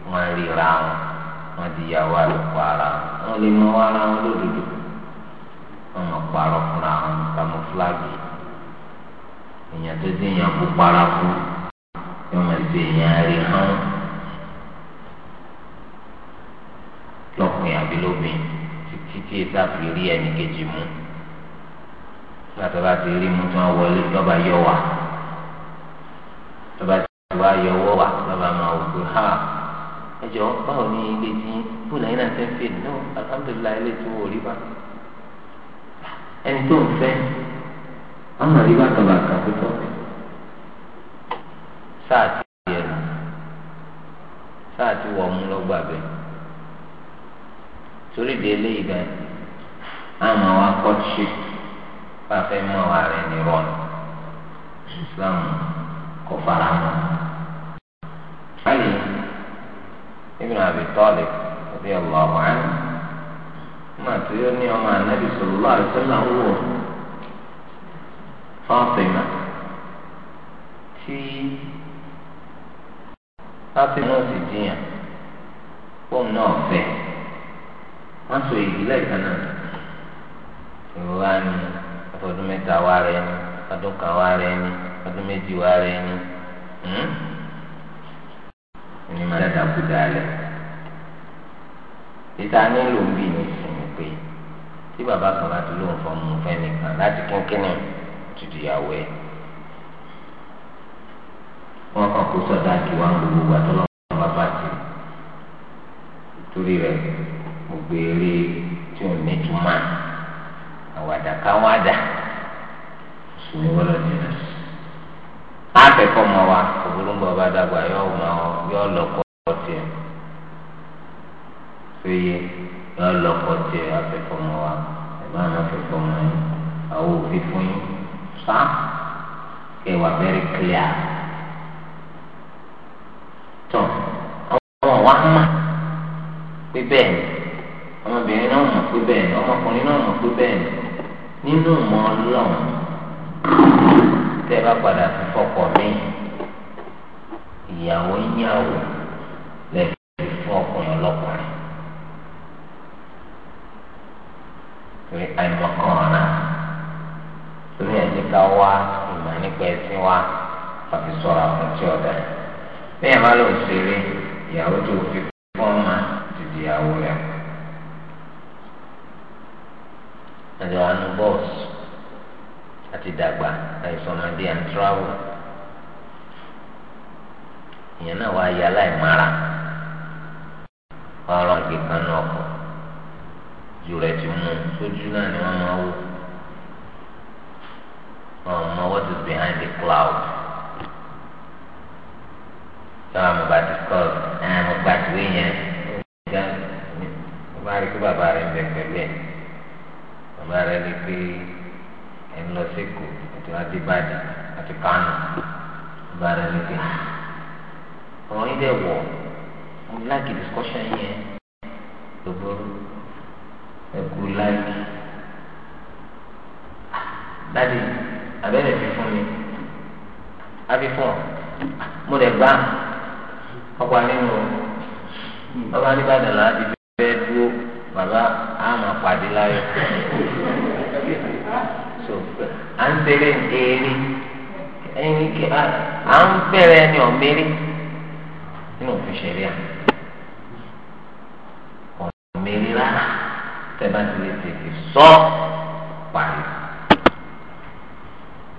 wọ́n ríra wọn wọ́n di ìyàwó àlùkò ara wọn lè mọ ara wọn lódodo wọn máa parọ́ fúnra wọn kamọfúlágì èèyàn tó dé èèyàn kó paraku yọ máa ṣe èèyàn rí hán lọkùnrin àbí lóbìn títí tí èsà fi rí ẹnì kejì mú láti bá ti rí mú tí wọn wọlé lọba yọ wá lọba tí wọn yọ wọ wá lọba máa wò pé ha ẹ jọ báwo ni ilé tí fúlàní ti ń fè ní alhamdulilayi ilé tí wọn rí bá. ẹni tó ń fẹ́ ọmọ rí bàtàbàtà tó tọ́ fẹ́ sáà ti yẹ sáà ti wọ̀ ọ̀hún lọ́gbà bẹ́ẹ̀ torí di eléyìí bẹ́ẹ̀ àmọ́ wa kọ́ ṣe bá fẹ́ mọ àwọn ààrẹ ní rọ́ọ̀nù Islam kò nígbà tí ó ní ọmọ ànábì sallallahu alaihi wasallam wò Fátímà tí Fátímà náà sì fóun náà fẹ́ wọ́n so ìdílé ni ọdún mẹ́ta wá rẹ ni ọdún kan wá rẹ ni ọdún méjì wá rẹ ni ẹni máa kú tí bàbá kan bá ti lóun fọmù fẹnìkan láti kínkínní tìtì ìyàwó ẹ wọn kàn kó sọdá kí wọn gbogbo ìgbà tó lọ wọn bá bá ti torí rẹ gbogbo eré tí ò ní túmọ̀ àwàdà káwádà sùnwó wọlọdì náà akẹkọ mọ wa ògbólógbò ọba dàgbà yọ ọmọ yọ ọlọkọ ọtí ẹ fẹyẹ yọ lọkọ tẹ afẹfọmọ wa ẹgbọn afẹfọmọ yìí àwọn òfin fún yín sá kẹ wà very clear tọ àwọn wa mọ pé bẹ́ẹ̀ ni ọmọbìnrin náà mọ pé bẹ́ẹ̀ ni ọmọkùnrin náà mọ pé bẹ́ẹ̀ ni nínú mọ Ọlọ́run tẹ bá padà fífọkọ mi ìyàwó yín àwò. pé àìmọ̀kan ọ̀nà torí ẹ̀ nípa wá ìmọ̀ nípa ẹ̀sìn wá àti sọ̀rọ̀ àwọn tí ọ̀dà yìí. bẹ́ẹ̀ má ló ń ṣeré ìyàwó tó fi fún ọmọ ti di ìyàwó rẹ̀. àjọ àánú bọ́ọ̀sì àti dàgbà àìsàn ọmọdé and travel ìyẹn náà wá yà láì mara wọ́n rán kíkan náà kọ́ ju rẹ̀ ti mú sójú náà ni wọ́n máa wò wọ́n mọ what is behind the cloud táwọn mo bá discuss ẹ̀ mo gbàdúrà yẹn mo bá rí pé bàbá rẹ̀ ń bẹ pẹ̀lú ẹ̀ bàbá rẹ̀ rí pé ẹ̀ ń lọ sí kò àti adébàdì àti kánò bàbá rẹ̀ rí pé ọ̀rọ̀ yìí dẹ̀ wọ̀ mo ní láti discussion yẹn lóboró ẹkú láìkì láti abẹ́rẹ́ fi fún mi àfi fún ọ mo lè gbá ọkọ nínú ọba nìbàdàn láti fẹ́ dúró bàbá àmà pàdé láyọ̀ so à ń bẹ̀rẹ̀ èrè ẹni kí à ń bẹ̀rẹ̀ ẹni ọ̀mẹ́rẹ́ nínú òfin ṣẹlẹ̀ ọ̀mẹ́rẹ́ rárá tẹ̀bá ti lè tètè sọ parí.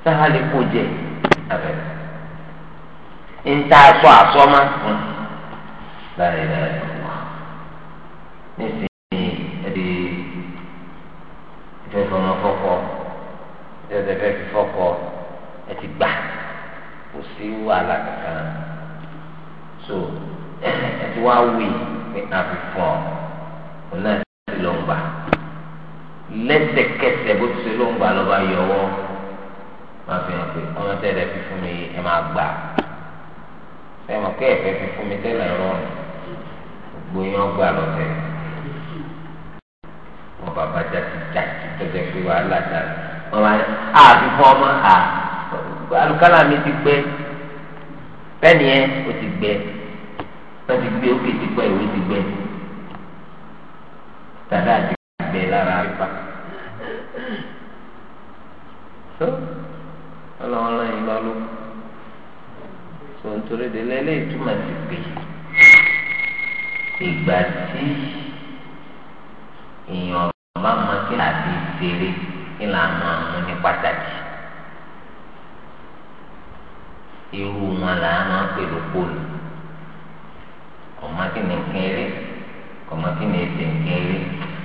sáhálì kò jẹ abẹ́rẹ́ ń ta aṣọ àṣọmá láyé láyé wà nísìnyí ẹ̀dí ìfẹ́ fọmọ fọkọ ìfẹ́ fẹ́ ẹ ti gbà kò sí wàhálà kankan so ẹ ti wá wí pé a fi fọ ọ ló ń gbà bó ti ṣe ló ń gbà lọ́ba fi hàn pé ọmọ tẹ́lẹ̀ fi fún mi ẹ máa gbà ẹ mọ̀ pé ẹ̀fẹ́ fi fún mi tẹ́lẹ̀ rọrùn gbóyún ọgbà lọ́tẹ̀ wọn bàbá jáde jáde tọ́jú fi wàhálà jáde wọn bá ní àfi fún ọmọ à alùkálà mi ti gbẹ bẹ́ẹ̀ o ti gbẹ wọ́n ti gbé ó kì í ti gbẹ ìwé ti gbẹ tàbí àti bela lára So, tó ọlọ́run lọ́yìn lọ ló tó nítorí délé eléyìí túmọ̀ sí pé ìgbà tí èèyàn bá mọ kí láti ṣeré kí là máa mú ní pàtàkì kọmọ kí ni èsì nǹkan eré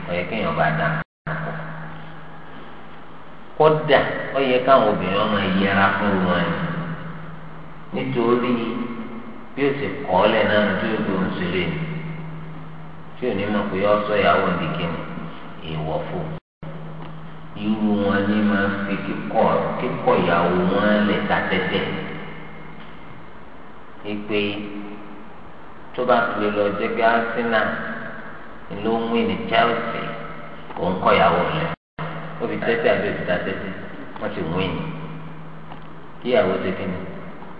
ọyẹ kéèyàn bá dà ọ kódà ọyẹ káwọn obìnrin ọmọ yẹra fún wọn nítorí bí ó ti kọ́ ọ lẹ̀ náà tó yóò dòun sílẹ̀ tí o ní mọ̀ pé ọ sọ ìyàwó ìdíkìnnì èèwọ̀ fún irú wọn ni máa ń fi kíkọ́ kíkọ́ ìyàwó wọn ta tẹ́tẹ́ ìpè tó bá lọ jẹ́ ló ń wí ní Chelsea òun kọ́ ìyàwó rẹ̀ ó fi tẹ́tí àbí òfin tẹ́tí wọ́n ti wí ní kí ìyàwó ṣe kí ni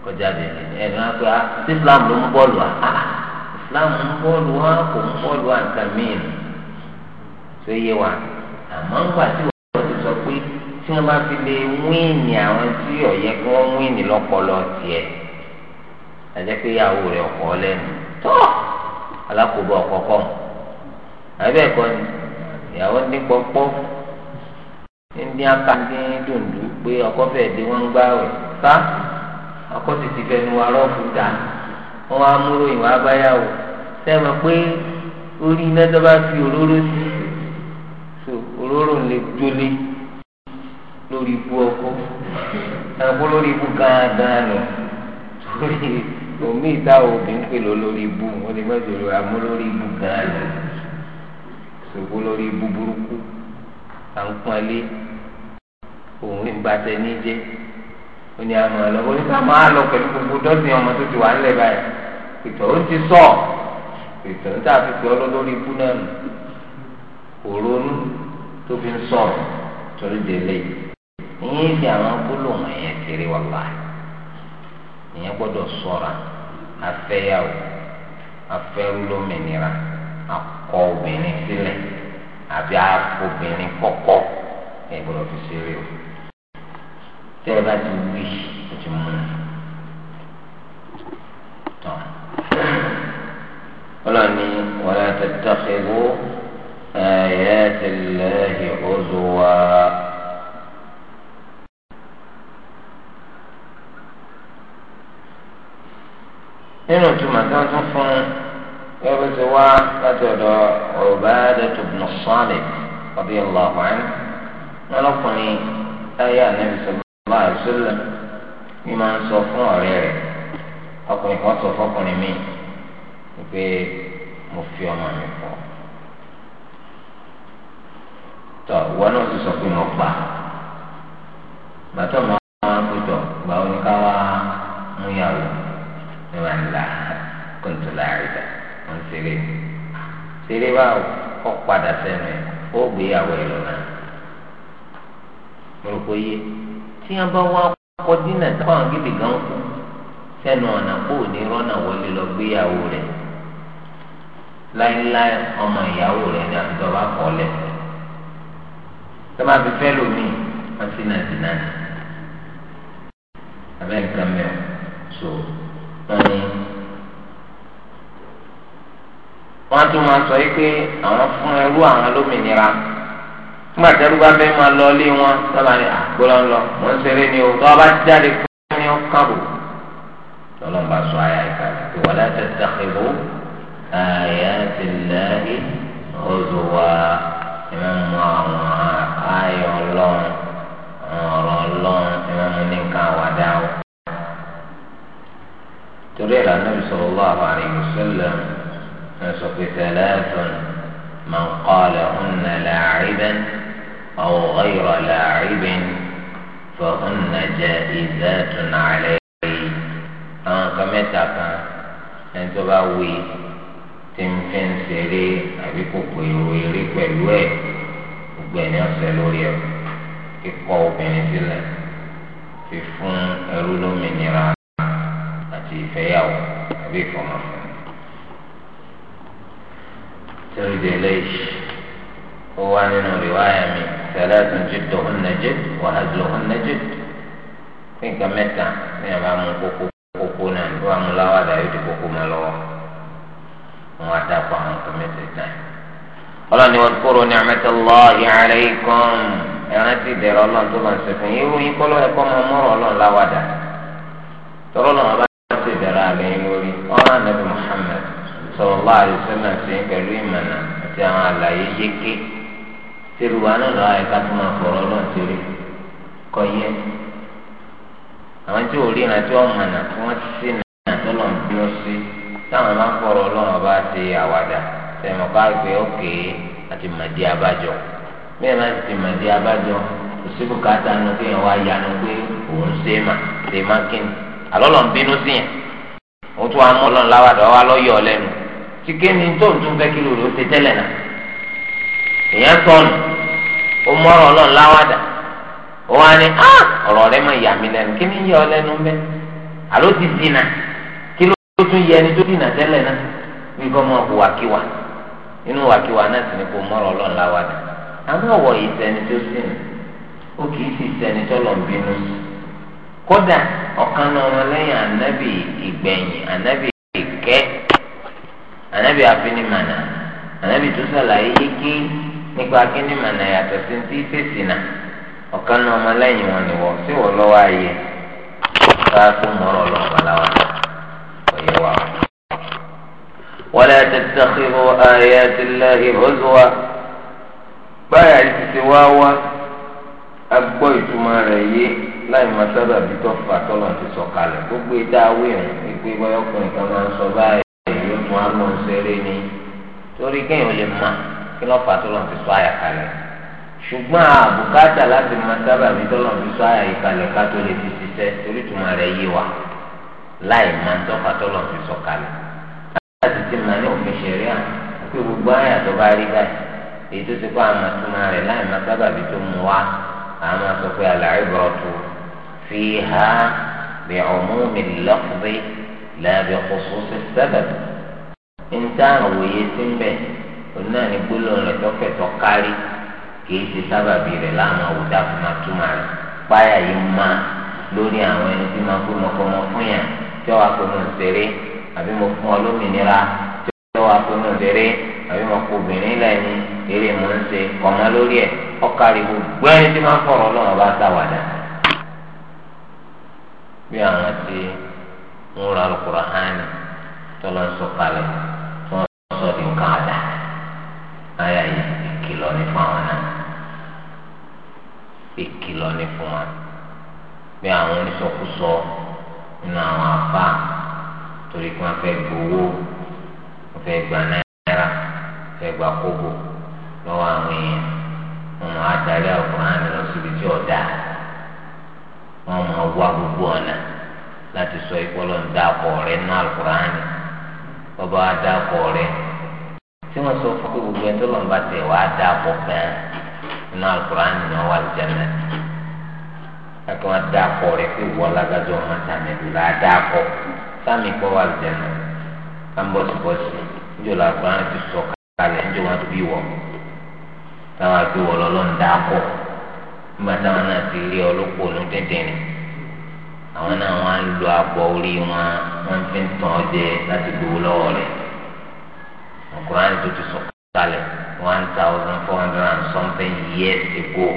kọjá bẹ̀rẹ̀ ní ẹ̀rọ á pé á ah, sí Islam ló ń bọ́ọ̀lù á ah, ah, Islam ń bọ́ọ̀lù á kò ń bọ́ọ̀lù á nǹkan mìíràn tó yé wa àmọ́ ń gbà tí wọ́n ti sọ pé tí wọ́n bá fi lè wí ní àwọn tí ọ̀yẹ́ kí wọ́n wí ní lọ́pọlọ tiẹ̀ àjẹ́ pé ìyàwó rẹ̀ ọ̀kọ́ lẹ́nu tó alákòóbọ̀ ọ̀kọ̀ọ̀kan àbẹ ẹkọ ni ìyàwó ní pọpọ ní aka ní dòndò pé ọkọ fẹẹ di wọn gbá rẹ ká ọkọ sì ti fẹnu wa rọọfù dá wọn wá múrò ìwà abáyáwó sẹmọ pé orí iná tó bá fi òróró sí so òróró ń lè jólé lórí ibu ọkọ ẹnìkó lórí ibu gángan nù torí omi ìta òbí ń pè lọ lórí ibu wọn lè má jòló àmú lórí ibu gángan ṣògbó lórí ibú burúkú à ń pọn lé òun lè gba tẹni jẹ ó ní àmọ́ ẹ lọ ó ní ká máa lọ pẹ̀lú gbogbo dọ́sìn ọmọ tó ti wà ńlẹ̀ báyìí ìtọ̀ ó ti sọ ìtọ̀ níta fi pè ọ́ lórí ibú náà nù kò ronú tó fi ń sọ̀rọ̀ torí délé ìyẹn ti àwọn gbólóhùn ẹ̀yẹ kiri wà láàyè ìyẹn gbọ́dọ̀ ṣọ́ra afẹ́yàwó afẹ́rú akọ obìnrin sílẹ̀ àbí obìnrin kọ̀kọ́ ẹ̀ gbọ́dọ̀ fi ṣeré o tẹ́ ẹ bá ti wí o ti mú un tán ọlọ́ni wala tattakhidhu ayati Allahi huzwa. nínú ìtumọ̀ tí wọ́n tún fún un. يقول سوا قتل عبادة بن الصامت رضي الله عنه نلقني آية النبي صلى الله عليه وسلم بما نصفون عليه أقول لك وصفكم مين pé mo fi ọmọ mi fọ tọ ìwọ náà ti sọ pé mo pa bàtọ mọ àwọn akutọ gbà oníkàwá múyàwó ní wàá ń là á. ṣeré ṣeré báwo kọ́ padà sẹ́nu ẹ̀ ó gbéyàwó ẹ̀ lọ́nà mo yé tí a bá wá kọ́ dínà táwọn gidi gan kú sẹ́nu ọ̀nà kó o ní rọ́nà wọlé lọ gbéyàwó rẹ̀ láíláí ọmọ ìyàwó rẹ̀ ní àtijọba kọ́ lẹ̀ tọ́ba lómi wọ́n ti nà wọ́n tún máa sọ yìí pé àwọn fún ẹrú àwọn lómìnira nígbà tẹ́rú bá fẹ́ máa lọ ilé wọn sábà ní àgbọ̀lọ́ ah, lọ mò ń ṣeré ni o tọ́wọ́ jáde fún ẹni ó kàbò lọ́lọ́ bá sọ àyà ìka pé wọ́n láti dàkìbò àyà ti lẹ́yìn ọ̀zọ̀ wa ìmọ̀ mọ àwọn àyà ọlọ́run àwọn ọ̀rọ̀ ọlọ́run ìmọ̀ mọ ní nǹkan àwàdà o. torí ìlànà ìsọ̀rọ̀ wà àbárí mùsùlùmí. نسق ثلاث من قالهن لاعبا أو غير لاعب فهن جائزات عليه àwọn kan mẹ́ta kan ẹni tó bá wí tí ń fi ń ṣeré àbí kòkò èrò eré pẹ̀lú ẹ̀ gbogbo ẹni ọ̀sẹ̀ lórí ẹ̀ kíkọ̀ obìnrin sílẹ̀ fífún ẹrú lómìnira àti ìfẹ́yàwó àbí ìfọ̀mọ̀fẹ́. تريد إليه هو من رواية من ثلاث جدهن جد وهزلهن جد في كم متى من أمام كوكو كوكو نان وأملاوا دا يدي كوكو ملوا وأتاكو عن كم متى ọlọ́ni wọn kúrò ní amẹ́tẹ́lọ́ọ̀hì aleikum ìrántí ìdẹ̀rẹ̀ ọlọ́run tó bá ń ṣe fún yín irú yín kọ́lọ́ ẹ̀kọ́ mọ mọ́rọ̀ ọlọ́run láwàdà tọ́lọ́ náà bá ń ṣe ìdẹ̀rẹ̀ àlẹ́ yín lórí ọ̀rọ̀ ànábì Muhammad sọlọ́lá àdìsọ́nà ṣe ń pẹ̀lú ìmọ̀nà àti àwọn àlàyé yéké tẹ̀lùwà náà lọ́wọ́ ẹ̀ka tó máa fọ̀rọ̀ náà ṣeré kọ́ yẹ. àwọn tí ò rí tí wọ́n ti sí náà tọ́lọ̀ ń bí wọ́n sí táwọn máa fọ̀rọ̀ ọlọ́run bá àwàdà tẹ̀mọ̀ bá gbé àti màdí abájọ bẹ́ẹ̀ ti màdí abájọ bùkátà nu wọ́n pé òun ṣe mà ṣe má bínú ti kéde tó o tún fẹ́ kí lóore o ti tẹ́lẹ̀ náà èèyàn sọnù o mọ̀rọ̀ ọlọ́run láwàdà o wá ní ah ọ̀rọ̀ rẹ mọ̀ ìyàmí lẹ́nu kí ni yẹ ọ lẹ́nu mbẹ́ àló ti dìnà kí ló tó tún yẹ ẹni tó dìnà tẹ́lẹ̀ náà bí kò mọ̀ bu wàkíwà inú wàkíwà náà sì ni kò mọ̀rọ̀ ọlọ́run láwàdà àmọ́ ọ̀wọ̀ yìí sẹni tó sìn o kì í sì sẹni tó lọ bínú kódà ọ̀kan náà ọmọlẹ́yìn anábì ànábì àfinimànà ànábì tó sàlàyé yékí nípa akínimànà yàtọ̀ sí ti fèsìnà ọ̀kan náà ọmọlẹ́yìn wọn ni wọ́n sí wọ́n lọ́wọ́ ayé káàkó mọ́rọ̀ lọ́wọ́ baláwa ọ̀yẹ́ wa. ولا تتخذوا آيات الله هزوا báyà ti ti wá wá agbọ́ ìtumọ̀ rẹ̀ yé láì máa sábà bí tọ́fà tọ́lọ̀ ti sọ̀kalẹ̀ gbogbo ìdá awé ọ̀hún ìpè báyọ̀kùnrin kan máa sọ báyìí mú àánú ṣeré ni torí kéèyàn lè mà kí ló fà tó lọ́n fi sọ àyà kalẹ̀ ṣùgbọ́n àbùkátà láti mọ sábà bí tó lọ́n fi sọ àyà yìí kalẹ̀ ká tó lè fi ṣiṣẹ́ torí tùmọ̀ rẹ̀ yé wa láì má tó fà tó lọ́n fi sọ kalẹ̀ láti ti mà ní òfin ṣẹ̀rí à pé gbogbo àyà tó bá rí báyìí èyí tó ti kọ́ àmọ́ túmọ̀ rẹ̀ láì má sábà bí tó mú wa àmọ́ sọ pé àlàyé bọ̀ tó fi ha bẹ̀ ọ̀mú mi lọ́kùnrin làbẹ̀ kòsó níta àwòye sí ń bẹ̀ onáà ní gbólóhùn rẹ̀ tọ́kẹ̀tọ́ kárí kìí ṣe sábàbí rẹ̀ láwọn àwùjá fún máa túmọ̀ rẹ̀ yìí má lórí àwọn ẹni tí máa gbé mọ́kànmọ́ fún yàn tí wàá pé mo àbí mo fún ọ lómìnira tí wàá àbí mo kó obìnrin eré jùlọ ní fún wa bí àwọn onísọkúsọ nínú àwọn afá torí pé gbowó gba náírà gba àwọn èèyàn máa darí àwòrán lọ síbi tí ọ̀dà wọ́n máa wá gbogbo ọ̀nà láti sọ ìpọlọ ń dá àpọ̀ rẹ̀ nínú àwòrán ọba wa dá àpọ̀ rẹ̀ tí wọ́n sọ fún gbogbo ẹni tó tẹ̀ wá dá nínú ni wọ́n wà lùjẹ́ kátó wọn dá akọ rẹ pé ìwọ lágbájọ wọn sàmì ìlú la dá akọ sàmì kọ wà lùdẹ̀nà ambọ̀sibọ̀sì níjọ làgbà ti sọ kalẹ̀ níjọ wọn bí wọ táwọn àgbẹ̀ wọ lọ́lọ́run dá akọ nígbà táwọn náà ti rí ọlọ́pọ̀ ọ̀nù dídìrín àwọn náà wọn á lo abọ́ orí wọn wọn fi ń tàn ọ́ jẹ láti gbowó lọ́wọ́ rẹ̀ ọkùnrin àti tó ti sọ kalẹ̀ one thousand four hundred and something years ago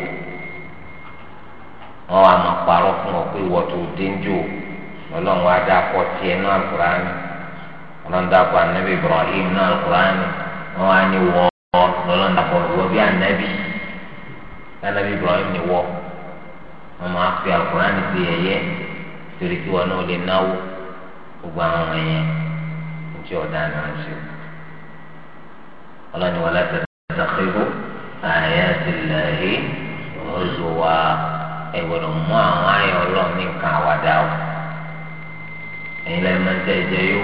wọn wà máa parọ́ fún ọ pé ìwọ tó dénjò Ọlọ́run wa dá akọ tiẹ̀ náà alukurani Ọlọ́run dá akọ anabi Ibrahim náà alukurani wọn wà ní wọ Ọlọ́run dá akọ ìwọ bí anabi anabi Ibrahim ni wọ wọn máa fi alukurani ti yẹ̀yẹ́ torí kí wọn náà lè náwó gbogbo àwọn ọmọ yẹn nítorí ọ̀dà náà ṣe Ọlọ́run wà láti ṣàkóso àyà sílẹ̀ yìí ọ̀rọ̀ ìṣòwò ẹ gbọ́dọ̀ mú àwọn ayọ̀ ọlọ́run ní nǹkan àwàdà o ẹ̀yin lẹ́yìn máa ń tẹ́ ẹ̀jẹ̀ yó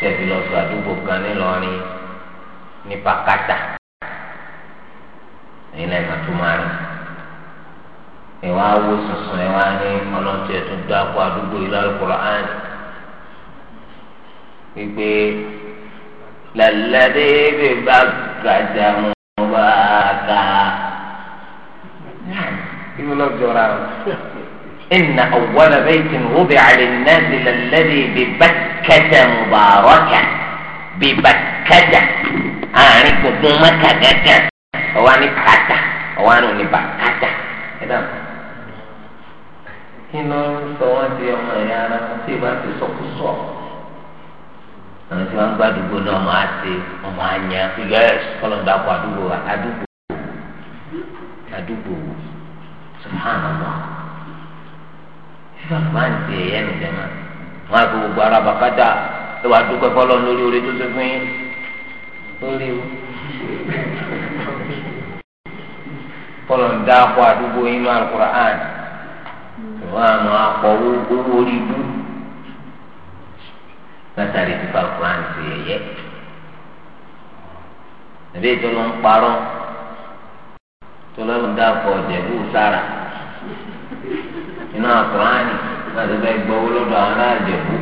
tẹ̀sí lọ sọ àdúgbò kan nílọrin ní pàkátà ẹ̀yin lẹ́yìn máa tún máa rìn ẹ̀ wá wó sùnsùn ní ọlọ́tí ẹ̀ tó dá àdúgbò yìí lálùkọ́rọ̀ án wípé lẹ́lẹ́dẹ́ bíbá gàdá mọ́ bá a kà á ibi lọ jọra o. inna awwala baytin wudi'a lin-nasi lalladhi bi Bakkata mubarakan bi Bakkata àárín gbogbo mẹ́ta gángan ọwọ́ ní kàtà ọwọ́ ní bàkàtà ẹ̀dá kí ló ń sọ wọn di ọmọ ẹ̀yà ara tí ìbá ti sọkúsọ àwọn tí wọn gbàdúgbò náà máa ṣe ọmọ àyàn yẹs kọlọńdà kọ àdúgbò àdúgbò àdúgbò subhanallah ṣùgbọ́n máa ń ti ẹ̀yẹ́ mi jẹ́ máa wọn àti gbogbo ara bàkátà ẹ wàá dúpẹ́ fọlọ́ lórí orí tó ṣe fún yín lórí o fọlọ́ ń dá akọ àdúgbò yín ní alukur'an wọn ló ń parọ́ tọ́lọ́run dàpọ̀ ọ̀jẹ̀bú sára iná àkùránì láti fẹ́ gbọ́wọ́ lọ́dọ̀ àwọn aláàjẹ̀bú.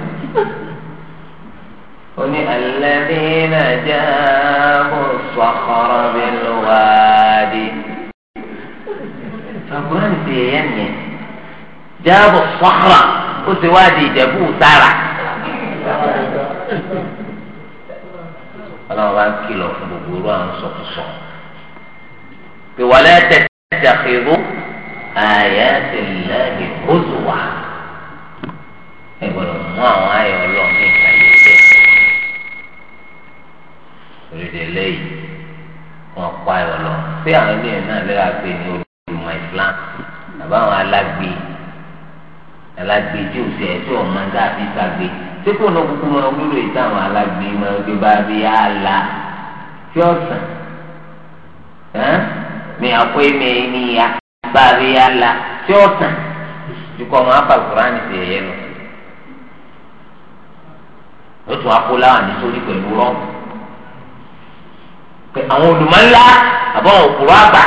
ó ní alladhina ja'u sakhara bil wadi. àkùránì ti yẹ yẹn ja'u sakhara ó ti wá di ìjẹ̀bú sára. ọlọ́run bá ń kìlọ̀ gbogbo irú àwọn sọ̀kùsọ̀kù pé wàlẹ́ tẹ̀síàkìrú àyà ti lẹ́yìn kóso wà. ẹ gbọ́dọ̀ mú àwọn ayọ̀ ọlọ́ọ̀mí ìkàyè jẹ́. orílẹ̀ eléyìí wọn kọ́ ayọ̀ lọ sí àwọn eléyìí náà lẹ́yà pé ní olùmọ̀ Islam àbáwọn alágbe alágbe tí o sẹ tí o máa ń dá àbí sàgbé tí kò náà kúkú máa wúlò yìí táwọn alágbe máa gbé bá bí á la tí ọ̀sán mi àpò èmi ènìyà bá a rí ala tí ó tàn dukọ ọmọ afa kurani ti yẹ lọ o tún akóláwà nítorí pẹ̀lú rọ pé àwọn olùmọ̀lá àbọ̀ òkúrò àbà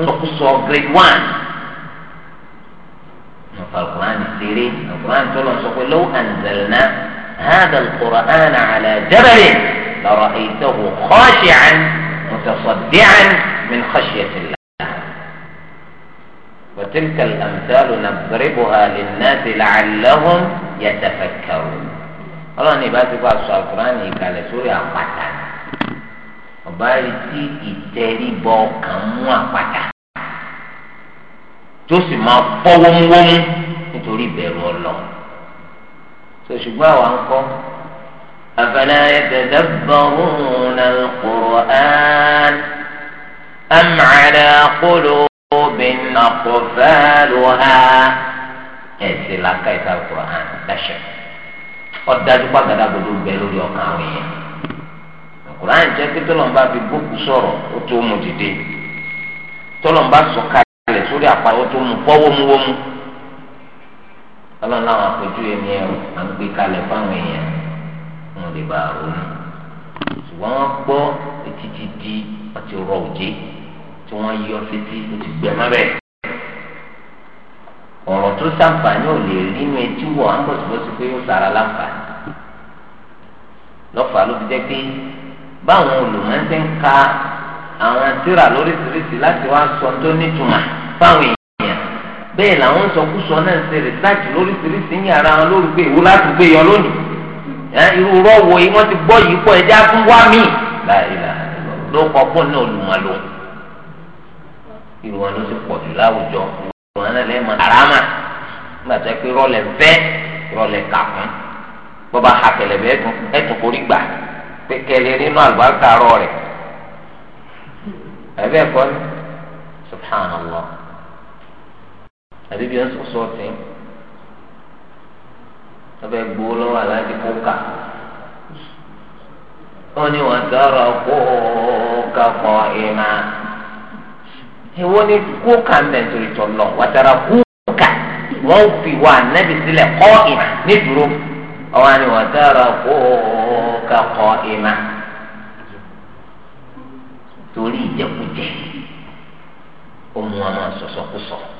ń sọ sọ grade one alukurani sere alukurani tó lọ sọ pé lọ́wọ́ anzalna hada alukurani ala jabali lọ́rọ̀ èyí tó wò kọ́ọ̀ṣì àná. متصدعا من خشية الله وتلك الأمثال نضربها للناس لعلهم يتفكرون ọlọ́run ìbá ti bá sọ àkùránì ìkàlẹ̀ sórí àpáta ọba rí tí ìtẹríbọ ọkàn mú àpáta tó sì máa fọ́ wómúwómú nítorí ìbẹ̀rù ọlọ́run tó ṣùgbọ́n àwa ń kọ́ أفلا يتدبرون القرآن أم على قلوب أقفالها ẹsẹ la ka ẹsẹ alukur'an daṣẹ ọdadu pàgàdà gbọdọ gbẹ lórí ọkàn àwọn yẹn alukur'an jẹ pé tọlọmba fi bókù sọ̀rọ̀ ó tó mu dìde tọlọmba sọ kalẹ̀ sórí àpá ó tó mu pọ wọmuwọmu Ọlọ́run làwọn àpèjú yẹn ni ẹ à ń gbé kalẹ̀ fáwọn èèyàn wọn lè bá ronú ṣùgbọ́n wọ́n gbọ́ etí ti di àti rọ òjé tí wọ́n yọ sétí ó ti gbẹ mọ́bẹ̀. ọ̀rọ̀ tó sàǹfààní ò lè rí inú etí wọ̀ á ń bọ̀ síbọ̀ sí pé ó sara láǹfààní. lọ́fà ló fi jẹ́ pé báwọn olùmọ̀ọ́sẹ́ ń ka àwọn àtìrà lóríṣiríṣi láti wá sọ tó nítumọ̀ fáwọn èèyàn bẹ́ẹ̀ làwọn sọkúsọ náà ń ṣe rìsáàtì lóríṣiríṣi ń yàrá wọn lórúkọ èwo láti gbé yọ lónìí irú rọ́wọ́ yìí wọ́n ti gbọ́ yìí pọ̀ ẹ̀dá fún wá mí ló kọ́ pọ̀ ní olùmọ̀lò irú wọn ló ti pọ̀ jù láwùjọ irú wọn lẹ́yìn mọ́ àràmà nígbà tó yẹ pé rọ́lẹ̀ fẹ́ rọ́lẹ̀ kàkún bọ́ba hakẹlẹ̀bẹ̀ ẹ̀dùn ẹ̀dùn kórì gbà pé kẹlẹ̀ nínú àlùbáríkà rọ̀ rẹ̀ ẹ̀bẹ̀ ẹ̀kọ́ subhanallah àbíbi ẹ̀ ń sọ sọ́ọ̀tì ọbẹ̀ gbowó lọ́wọ́ aláàjì kó kà ó ní wọ́n sọ̀rọ̀ kó ká pọ̀ ìmà ìwọ ni kó kà mẹ́tìrì tó lọ wàtàrà kó kà wọ́n fi wà nẹ́bi sílẹ̀ kọ́ ìmà ní dúró ọwọ́ ni wọ́n sọ̀rọ̀ kó ká pọ̀ ìmà torí ìjẹkújẹ ó mú wọn máa sọ̀sọ̀ kó sọ̀rọ̀.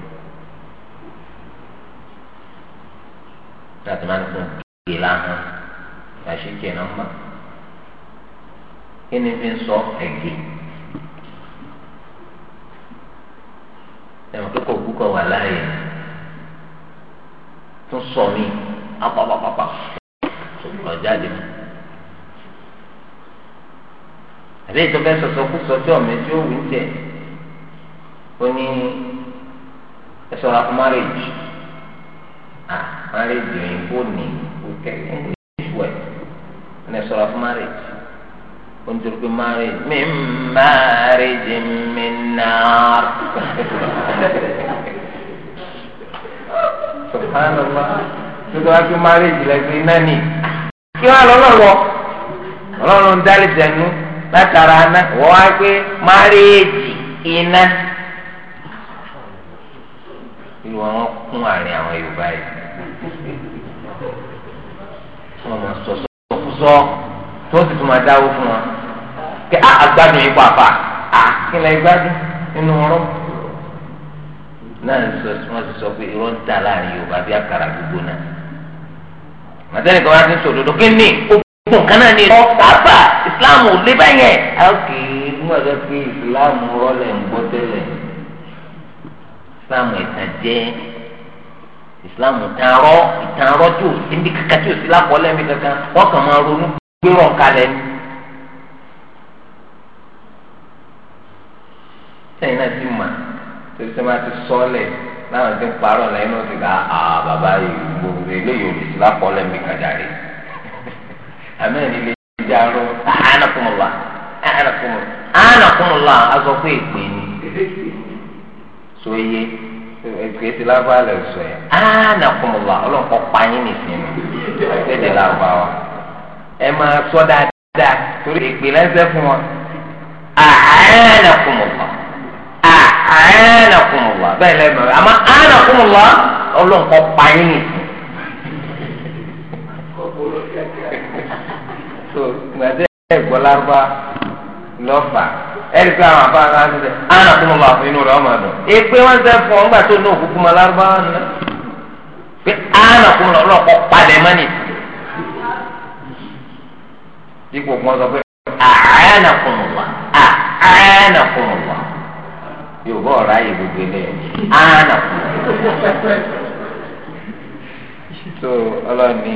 láti máa ń kún gé láhàn àṣekè nọmba kí ni fi ń sọ ẹ̀gẹ́ ẹ̀wọ̀n kíkọ̀ púpọ̀ wà láàyè tún sọ mí apapapapa ọ̀jáde mi àbí ìtọ́fẹ́ sọ̀sọ́ kú sọ́jọ́ mi tí ó wù ú tẹ̀ ó ní ẹ̀sọ́ ra fún márèjì marriage òyìnbó ni òkè english word ẹni sọ̀rọ̀ fún marriage ó ń torí pé marriage mi marriage mi náà subhanallah nítorí wọn fi marriage lẹ́gbẹ̀ẹ́ iná ni kí wọn lọ lọ́wọ́ ọlọ́run dálé jẹnu látara aná wọ́n wá pé marriage iná. Irú àwọn kún àárín àwọn Yorùbá yìí wọn máa sọsọ sọ tí wọn sì tún máa dáwó fún wọn kí á àgbàdùn yìí pàpà á kí lè gbádùn nínú ọ̀rọ̀ náà sọ wọn sì sọ pé irọ́ ń ta láàrin Yorùbá bí àkàrà gbígbóná màtẹ́nì kan wá sí sòdodo kí ni gbogbo nǹkan náà ni ọ sábà Islam ò lé báyẹn. ọkè nígbà tó fi Islam rọlẹ̀ ń gbọ́ tẹ́lẹ̀ Islam ìtàn jẹ́ islam ìtànrọ ìtànrọ tí ò sí níbi kankan tí ò sí lápọ̀lẹ́ mi kankan wọ́n kàn máa ronú gbérò kalẹ̀ ni. sẹ́yìn náà ti mà torí sẹ́yìn máa ti sọ́ọ̀lẹ̀ láwọn ti ń parọ́ lẹ́yìn náà ti gba àà bàbá ìgbòho eléyìí ò lè sí lápọ̀lẹ́ mi kàdà rè àmẹ́rin ilé ìjà rọ àánàkùnmọ̀lá àánàkùnmọ̀lá àánàkùnmọ̀lá azọ èpè ni so ètò lágbára lè sọ yẹn áánà kùmùlà ọlọ́nkọ́ pààyàn nìsín nù ẹ̀ẹ́dẹ̀ làwà wa ẹ máa sọ dáadáa torí ègbè lẹ́sẹ̀ fún wọn áánà kùmùlà áánà kùmùlà bẹ́ẹ̀ lẹ́yìn mọ̀ àmọ́ áánà kùmùlà ọlọ́nkọ́ pààyàn nìsín. so gbàdé ẹ̀gbọ́n lárúbá lọ́fà ẹ̀rí pé àwọn àbá ńlá ṣẹṣẹ àná tó ń lọ àfọ inú rẹ̀ ọmọ ẹ̀dùn. èpè wọn ṣe fún ọ ńgbà tó ní òkú kúmọ lárúbáwá ni pé àná kó lọ lọ́kọ̀ padà mọ́ ni. dípò kí sọ pé àánà kò mọ̀ àánà kò mọ̀ yorùbá ọ̀rọ̀ ayé gbogbo ilé àánà kò mọ̀ so ọlọ́ni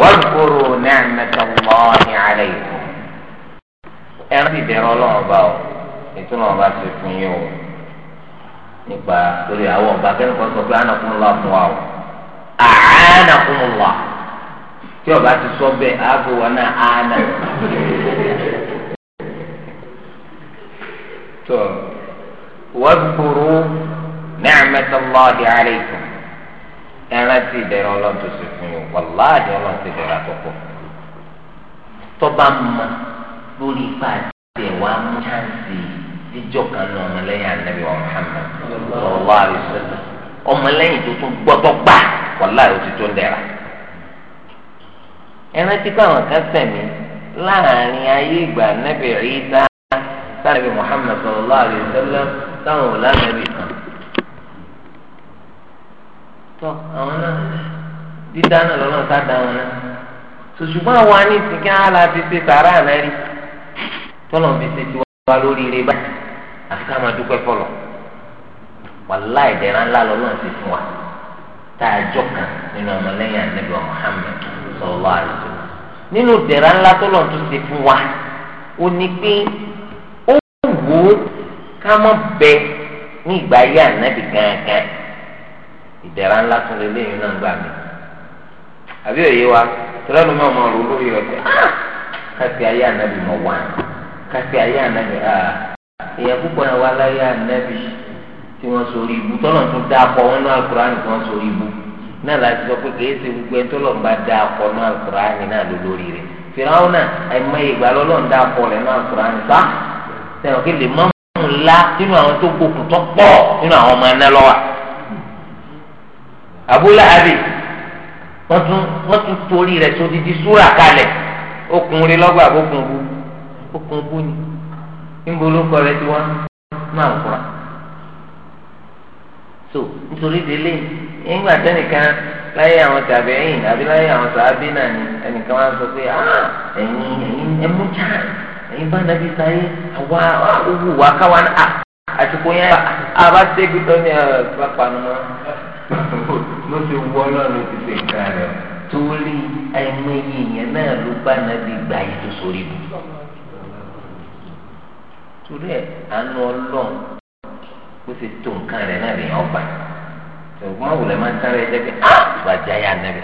wọ́n kúrò ní àmì ẹran ìdẹ̀rùn ọlọ́run ọba o ètò ọlọ́run ọba ti fún yín o nípa torí àwọn ọba akẹ́kọ̀ọ́ sọ pé àánà kún un lọ fún wa o àánà kún un lọ tí ọba ti sọ bẹ́ẹ̀ aago wọn náà àánà. tó wàgbúrú ni'matallahi alaykum ẹran ti ìdẹ̀rùn ọlọ́run tó fún yín o wàláàdì ọlọ́run ti dẹ̀rùn àkọ́kọ́ tọ́ba mọ́ lórí ipa àti ẹ̀wà mú chance jíjọ kan ní ọmọlẹ́yìn anabi wa Muhammad sallallahu alaihi wasallam ọmọlẹ́yìn tó tún gbọ́dọ̀ gbà wàlá yóò ti tó ń dẹ̀ra. ẹran tí káwọn kan sẹ̀mí láàrin ayé ìgbà anabi Ìsá sanabi Muhammad sallallahu alaihi wasallam táwọn ò lánàbì kan. tọ́ àwọn náà dídá náà lọ́nà sá dáhùn náà. sòṣùgbọ́n àwa ní ìsìnkí àlàáfíà ti tààrà náà rí tọ́lọ̀ fi ṣe ti wá lórí ire báyìí àfi ká máa dúpẹ́ fọlọ̀ wàlá ìdẹ̀ra ńlá lọ́lọ́run ti fún wa tá a jọ kan nínú ọmọlẹ́yìn ànábì Muhammad sallallahu alaihi wasallam nínú ìdẹ̀ra ńlá tọ́lọ̀ tó ti fún wa ó ní pé ó wù ú ká má bẹ ní ìgbà ayé ànábì gángan ìdẹ̀ra ńlá tún lè léyìn náà gbà mí àbí òye wa tọ́lá ló máa mọ ọ̀rọ̀ olórí rẹ̀ pé ah! káàkiri ayé ànábì mọ̀ wá kàtí ayé ànábì èèyàn púpọ̀ náà wá láyé ànábì tí wọ́n sori ibu tọ́lọ̀ tún dá akọ wọn náà alukur'ani tí wọ́n sori ibu náà láti sọ pé kìí ṣe gbogbo ẹni tọ́lọ̀ ń bá dá akọ náà alukur'ani náà ló lórí rẹ̀ fìràwọn náà ẹ̀mọ ìgbà lọ́lọ́ ń dá akọ rẹ̀ náà alukur'ani bá sẹ́wọ̀n kí lè mọ́ mú ńlá nínú àwọn tó gbókùn tó pọ̀ nínú àwọn ọmọ ẹ̀ná lọ́wọ́ Abu Lahabi wọ́n tún torí rẹ̀ sódidi súrà kalẹ̀ okùnrin lọ́gbà gbókùn gbogbo okùn bú ni níbo ló kọ rẹ ti wá máa ń kura so nítorí délé nígbà tẹnìkan láyé àwọn tàbí ẹ̀yìn àbí láyé àwọn sàábí náà ni ẹnìkan wá sọ pé ah, ẹ̀yin ẹ̀yin ẹmú jáà ẹ̀yin bá nàbí sáyé àwa owó wa káwa náà ah, àtìkú yẹn àbá ṣẹ́gi tó ní ẹ̀ pápá nu mọ́ ló ti wọ́ náà ló ti ṣe nǹkan rẹ̀ torí ẹ̀mú yìnyín náà ló bá nàbí gbà yìí tó sórí bù. torí ẹ̀ àánú ọlọ́run ó ti tó nǹkan rẹ̀ náà lè yàn ṣùgbọ́n àwùlẹ̀ máa ń sáré ẹjẹ́ pé ìbàjẹ́ ayé ànábì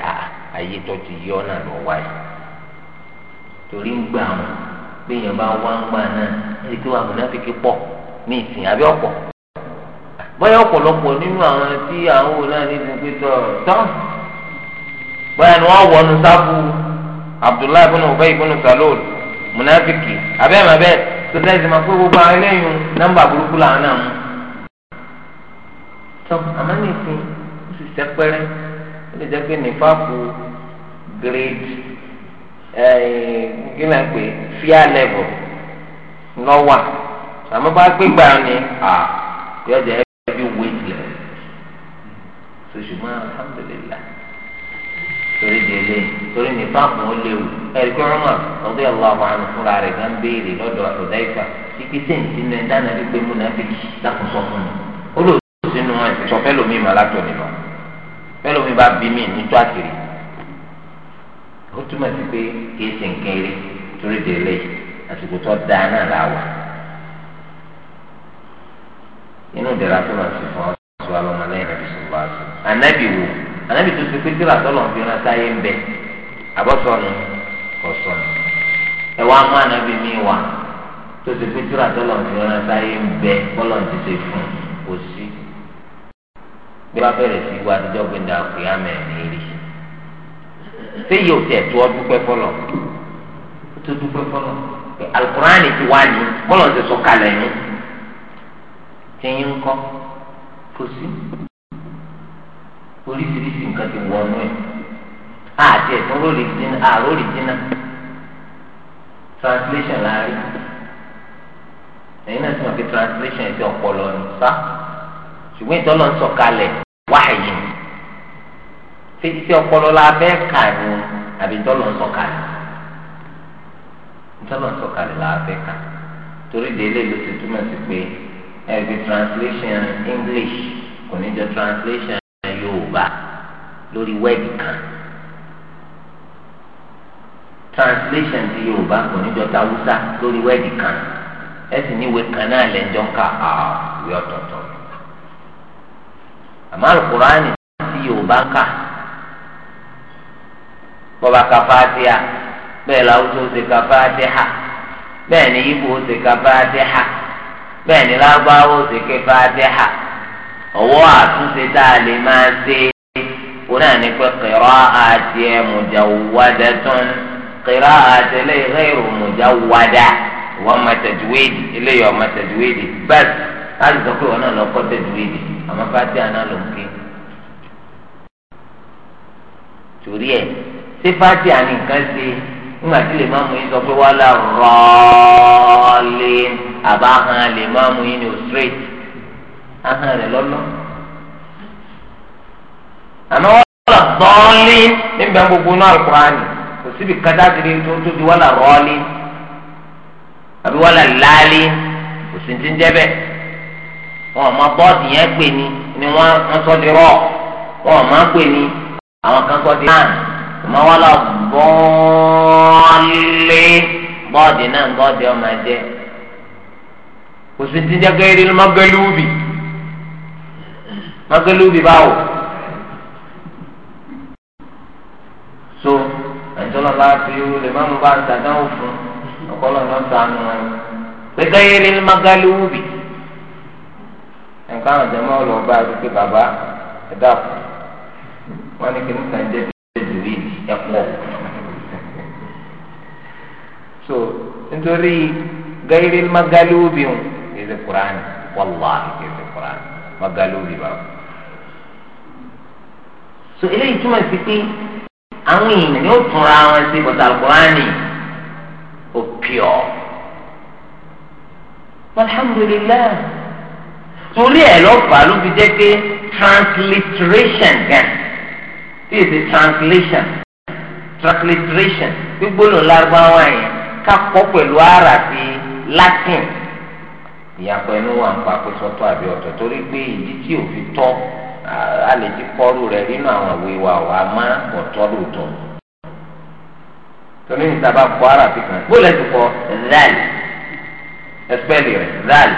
ayé tó ti yí ọ́ náà lọ wáyé torí ń gbà wọn pé èèyàn bá wá ń gbà náà ẹni tó wà mùnáfíkì pọ̀ ní ìsìn àbí ọ̀pọ̀ bóyá ọ̀pọ̀lọpọ̀ nínú àwọn tí àwọn náà níbi pé tọ̀ tán ni wọ́n Abdullahi tòtẹ́ ìsìn máa pé gbogbo àwọn eléyìí nọ́mbà burúkú làwọn náà mú. tó àmọ́ ní ìsìn ó sì sẹ́pẹ́rẹ́ ó lè jẹ́ pé nífàkù grade eh, kí náà pé fear level lọ́wà àmọ́ bá gbégbá ni à yọjẹ́ ẹbí wéjìlẹ̀ ṣùgbọ́n alhamdulilayi torí di eléyìí torí ní fáàmù ó léwu ẹ̀rí pé rọ́mà ọdún yẹn lọ́wọ́ àwọn fúnra rẹ̀ gan béèrè lọ́dọ̀ ọ̀dà ìfà kíkí sí ní ní dáná bí pé múna fi dákúsọ fún mi ó lò ó sínú ẹ̀ sọ fẹ́lómi màlátọ̀ nínú fẹ́lómi bá bí mi ní tó àkìrì ó túmọ̀ sí pé kìí ṣe nǹkan eré torí di eléyìí àsìkò tó dáa náà là inú ìdẹ̀ra tó máa ti fọ́ ànábì tó ti pé tíra tọ́lọ̀ ń fi ran sáyé ń bẹ̀ àbọ̀sọ̀nù ọ̀sọ̀nù ẹ wá mú ànábì mi wá tó ti pé tíra tọ́lọ̀ ń fi ran sáyé ń bẹ̀ bọ́lọ̀ ń ti ṣe fún kò sí. bí wàá bẹ̀rẹ̀ sí wá àtijọ́ gbẹ̀dà òkè àmẹ́ ní rí séyìí ò tiẹ̀ tó ọ dúpẹ́ fọlọ̀ tó dúpẹ́ fọlọ̀ alukurani ti wá ní bọ́lọ̀ ti sọ kalẹ̀ ní tẹ́yìn ńkọ́ kò sí oríṣiríṣi nǹkan ti wọnú ẹ̀ àti ẹ̀sùn rólì jìnnà àrólì jìnnà translation láàrin ẹ̀yin náà ti mọ̀ pé translation ẹ̀ ti ọ̀pọ̀lọ ní sá ṣùgbọ́n ìtọ́lọ̀ ń sọ̀kalẹ̀ wáyé ṣé iṣẹ́ ọpọlọ la fẹ́ kà ní àbí ìtọ́lọ̀ ń sọ̀kalẹ̀ ìtọ́lọ̀ ń sọ̀kalẹ̀ la fẹ́ kà torí délé ló ti túmọ̀ sí pé ẹ̀rí translation English kò ní jọ translation yorùbá lórí wẹ́ẹ̀dì kan translation ti yorùbá kò ní jọta hausa lórí wẹ́ẹ̀dì kan ẹ sì níwèé kan náà lẹ́jọ́ ń ka àwẹ̀ ọ̀tọ̀ọ̀tọ̀ àmọ́ alukurani ti yorùbá ń kà bọ́ba ka fàtíà bẹ́ẹ̀ làwùjọ ṣe ka fàtíà bẹ́ẹ̀ ni ibo ṣe ka fàtíà bẹ́ẹ̀ ni lágbáwó ṣe ka fàtíà ọwọ́ àtúnṣe tá a lè máa ṣe òun náà ní pé kẹrọ àti ẹ mùjàwádà tún kẹrọ àti ẹ lẹ́yìn mùjàwádà wọ́n máa tẹ̀júwéèdì eléyìí ọ̀ máa tẹ̀júwéèdì bẹ́ẹ̀ láti sọ pé wọn náà lọ kọ́ tẹ̀júwéèdì àmọ́ fàtíà náà ló ń torí ẹ̀ ṣé fàtíà ní nǹkan ṣe nígbà tí lè má mú yín sọ pé wàhálà rọ́ọ̀lì àbáhan lè má mú yín ní o straight. ahọ́n rẹ̀ lọlọ. àmọ́ wọ́n lọ bọ́ọ̀lì nígbà gbogbo inú àlùkùránì kò síbi kátà tó tóbi wọ́n lọ rọ́ọ̀lì àbí wọ́n lọ láàlì kò ti ń jẹ́ bẹ́ẹ̀. wọn bọ́ọ̀dì yẹn pè ni wọ́n sọ di rọ́ọ̀ wọn ò pè ní àwọn kan sọ di hàn àmọ́ wọ́n lọ bọ́ọ̀lì bọ́ọ̀dì náà bọ́ọ̀dì mọ́gẹ́lúbi báwò. so ẹ̀jọ̀lọ́ bá fi lè má mú bá ń sàdánwò fún ọ̀pọ̀lọ́ náà sànù wọn. gbẹgbẹ́ yẹn ní mọ́gẹ́lúbi. nǹkan àwọn jẹ́mọ́ lọ bá a wípé bàbá ẹ̀dá kù wọ́n ní kí ní kàn jẹ́ tẹ̀síwì ẹ̀pọ̀. so nítorí gẹ́gẹ́ ní mọ́gẹ́lúbi ń kí ẹ̀ ṣe kúránì wàlláhi kí ẹ̀ ṣe kúránì mọ́gẹ́lúbi báwò so eléyìí túmọ̀ sí pé àwọn èèyàn yóò túnra wọn sí bọ̀tà alukurani ò pìọ́ alhamdulilayi torí ẹ̀ lọ́fà ló fi jẹ́ pé transliteration gan tí èsì translation transliteration gbígbóná lárúbáwá yẹn kakọ pẹ̀lú ara ti latin ìyàpọ̀ ẹnu wà ń pa pé sọ́tọ̀ àbí ọ̀tọ̀ torí pé ìdí tí òfin tọ́ a lè ti kọ́rù rẹ̀ nínú àwọn ìwé wa ọ̀ àmọ́ ọ̀tọ́ lóòótọ́ torí ní sábà kọ́ arábì kan bó lẹ́sìn kọ́ zal ẹsipẹ́lì rẹ̀ zal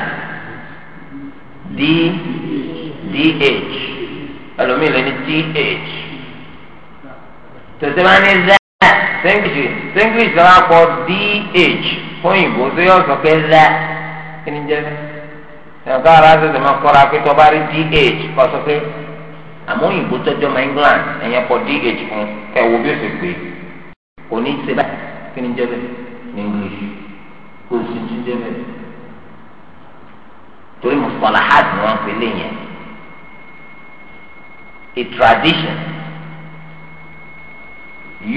d D H. dh ẹlòmíì D H. tòtí máa ní zal sẹ́ńgìṣì sẹ́ńgìṣì sábà kọ́ dh fún ìbò tó yọ sọ pé zal kí ni jẹ́ bẹ́ẹ̀ ẹ̀ka ara ṣẹ̀ṣẹ̀ máa kọ́ra pé tọ́ba rí dh kọ́ sọ pé. àmọ́ òyìnbó tọ́jú ọmọ England ẹ̀yẹn pọ̀ dh fún kẹ́ bí ó sì pé kò ní í ṣe báyìí kí ni jẹ́ bẹ́ẹ̀ ní English kò sí ti jẹ́ bẹ́ẹ̀ torí mùsùlùmí ni wọ́n pè léyìn a tradition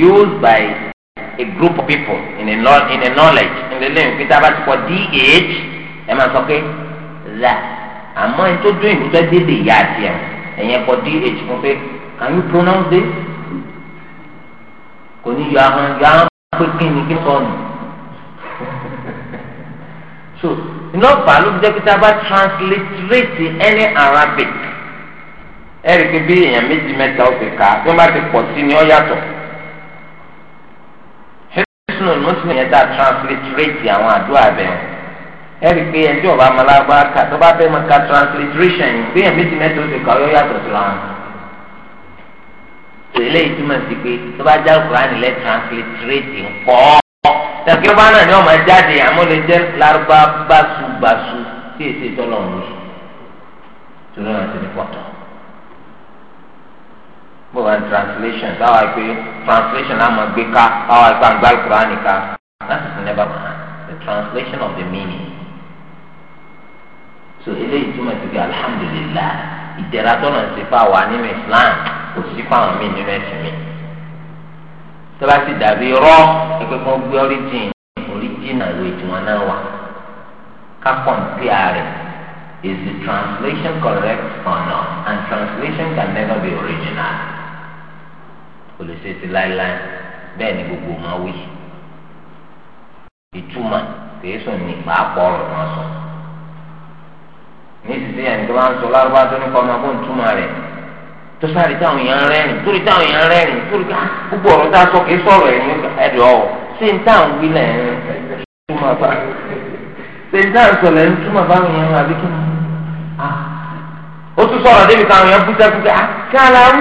used by a group of people in a, in a knowledge in the lane peter bá ti kọ dh ẹ máa sọ pé that àmọ́ ẹni tó dún ìlú tó dé àti ẹ̀yẹn kọ dh fún pé can you pronounce this kò ní yọ ahọ́n yọ ahọ́n pé kí ni kí sọnù so lọ́ọ̀fà ló jẹ́ kíta bá transliterate any Arabic ẹ̀rì pé bí èèyàn méjì mẹ́ta ọ̀sẹ̀ ká bí wọ́n bá ti pọ̀ sí ni ó yàtọ̀ Hisnul Muslim yẹn tá transliterate àwọn àdúrà bẹ́ẹ̀ ẹ̀rí pé ẹ̀ńdí ọ̀bá amalagba ká tó bá fẹ́ máa ka transliteration yìí bí ẹ̀mí ti mẹ́tò ṣe kàwé yàtọ̀ síra wọn. tẹ̀lé ìtumọ̀ sí pé tó bá já Kùránì lẹ́ transliterate ń pọ̀. tàbí ọba náà ni ọmọ jáde àmọ́ lè jẹ́ lárúbá báṣubàṣu tí èsì tọ́lọ̀ ń lò. torí wọn ti ní pọ̀tọ̀. bó wà translation táwa pé translation á máa gbé ká táwa pé àgbà Kùránì ká láti sinẹ́bà mọ́ the translation of the meaning so eléyìí túmọ̀ sí pé alhamdulillah ìdẹ̀ra tọ́nà ń sefa wà nínú islam kò sí fáwọn míì nínú ẹ̀sìn mi tọ́ba sì dàbí rọ́ ẹgbẹ́ kan gbé origin origin àwọn ìtumọ̀ náà wà ká compare is the translation correct or not and translation can never be original kò lè ṣe ti láéláé bẹ́ẹ̀ ni gbogbo ọmọ wí ìtumọ̀ kìí sùn ní pàápọ̀ ọ̀rọ̀ náà sọ̀rọ̀ ní ìsinsìnyí ẹni tó bá ń sọ lárúbá tó ní kọ́mọ kó ń túmọ̀ rẹ̀ tó sáré táwọn èèyàn rẹ́rìn torí táwọn èèyàn rẹ́rìn torí ká ah, gbogbo ọ̀rọ̀ tá a sọ kìí sọ̀rọ̀ ẹ̀ ní ẹ̀dọ̀ ọ̀ ṣé n táwọn wí lẹ̀ ń túmọ̀ bá ṣé n táwọn sọ lẹ̀ ń túmọ̀ bá wọn yẹn àbí kí ni ah, ó tún sọ̀rọ̀ débi káwọn èèyàn bújá bújá ah, kí á láwù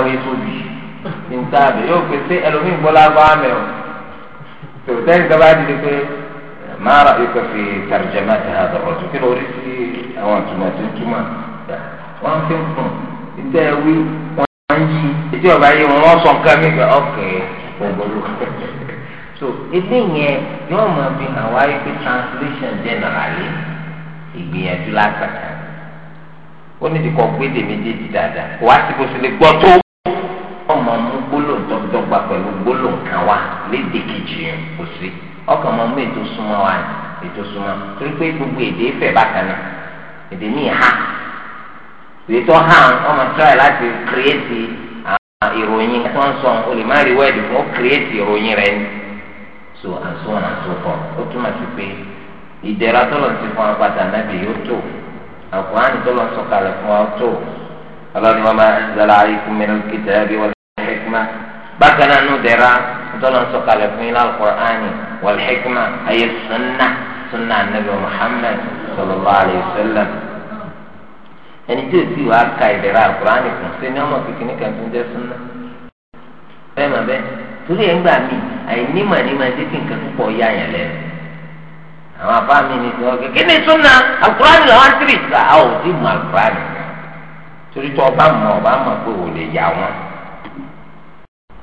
túmọ̀ nta bi yóò fi se ẹlòmíì gbọ́lá bá mẹ́ o tó sẹ́yìn tó bá dìde pé mara yóò kẹfì tàrìjẹ́mà tẹ̀ ha dọ̀rọ̀ tó kíni orí sí àwọn tuma tó tuma wọ́n fi ń fún ìdá ẹ̀wí wọ́n yí etí ọba yìí wọ́n sọ nǹkan mi gbà ọ̀kẹ́ gbogbo so ilé yẹn yóò máa fi hàn wá pé translation generally ìgbìyànjú lásàkà ó ní ti kọ́ gbé dèmí déjì dáadáa wàá ti kó sílẹ̀ gbọ́ tó. ọmọ mú gbólóhùn tó dọ́gba pẹ̀lú gbólóhùn kan wá léde kejì yẹn kò sí ọkàn mọ mú ètò súnmọ́ wa ètò súnmọ́ torí gbogbo èdè fẹ̀ bákan náà èdè ní ha ọmọ tíráì láti ìròyìn o lè má rí wẹ́ẹ̀dì fún ó ìròyìn rẹ ni so and so on and so ó túmọ̀ sí pé ìdẹ̀ra fún apáta náà yóò tó sọ̀kalẹ̀ fún wa tó. ọlọ́run wọn máa ń zọlá ikún mi lókè tẹ́lẹ̀ wọlé hikma bákan náà nù dẹ́ra ntọ́nà ń sọ̀kalẹ̀ fún yín lálùkùránì wọlé hikma ayé sunna sunna anabi muhammed sallallahu alayhi wa sallam ẹni tí èsì wàá ka ìdẹ̀ra àlùkùránì kùn sí ni ọmọ kékeré kan tó ń jẹ́ sunna bẹ́ẹ̀ mà bẹ́ẹ̀ torí ẹ̀ ń gbà mí àìnímọ̀ ní ma dé àwọn àbá mi ní ti wọ́n kékeré ní sunna àlùkùránì làwọn á tìrì gbà á ò dì mú àlùkùránì torí tó ọba mọ ọba mọ pé ò lè yà wọn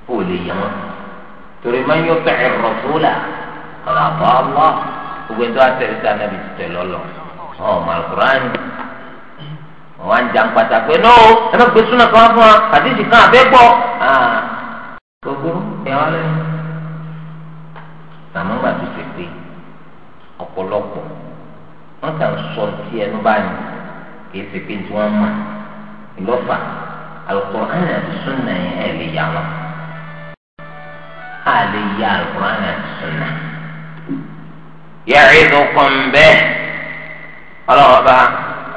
ò lè yà wọn torí máa ń yọ bẹ̀rẹ̀ rọ̀fúlà ọ̀là bọ́ ọlọ́ gbogbo ẹni tó wá tẹ̀lé sáà nàbì tẹ̀ lọ́lọ́ ọ̀ màlúkùránì wọ́n á ń jà ń pàtàkì ẹ̀ náà ẹ bá gbé súnà kan fún wa àdéjì kan àbẹ́ gbọ́ gbogbo ẹ̀ wọ́n lẹ́yìn àmọ́ gbà tó pé ọ̀pọ̀lọpọ̀ wọ́n kàn sọ ti ẹnu báyìí kì í ṣe pé tí wọ́n máa ìlọ́fà alukur'an àti sunna yẹn ẹ̀ lè yà wọn a lè yà alukur'an àti sunna yàrá ìdókòm bẹ́ẹ̀ ọlọ́wọ́ba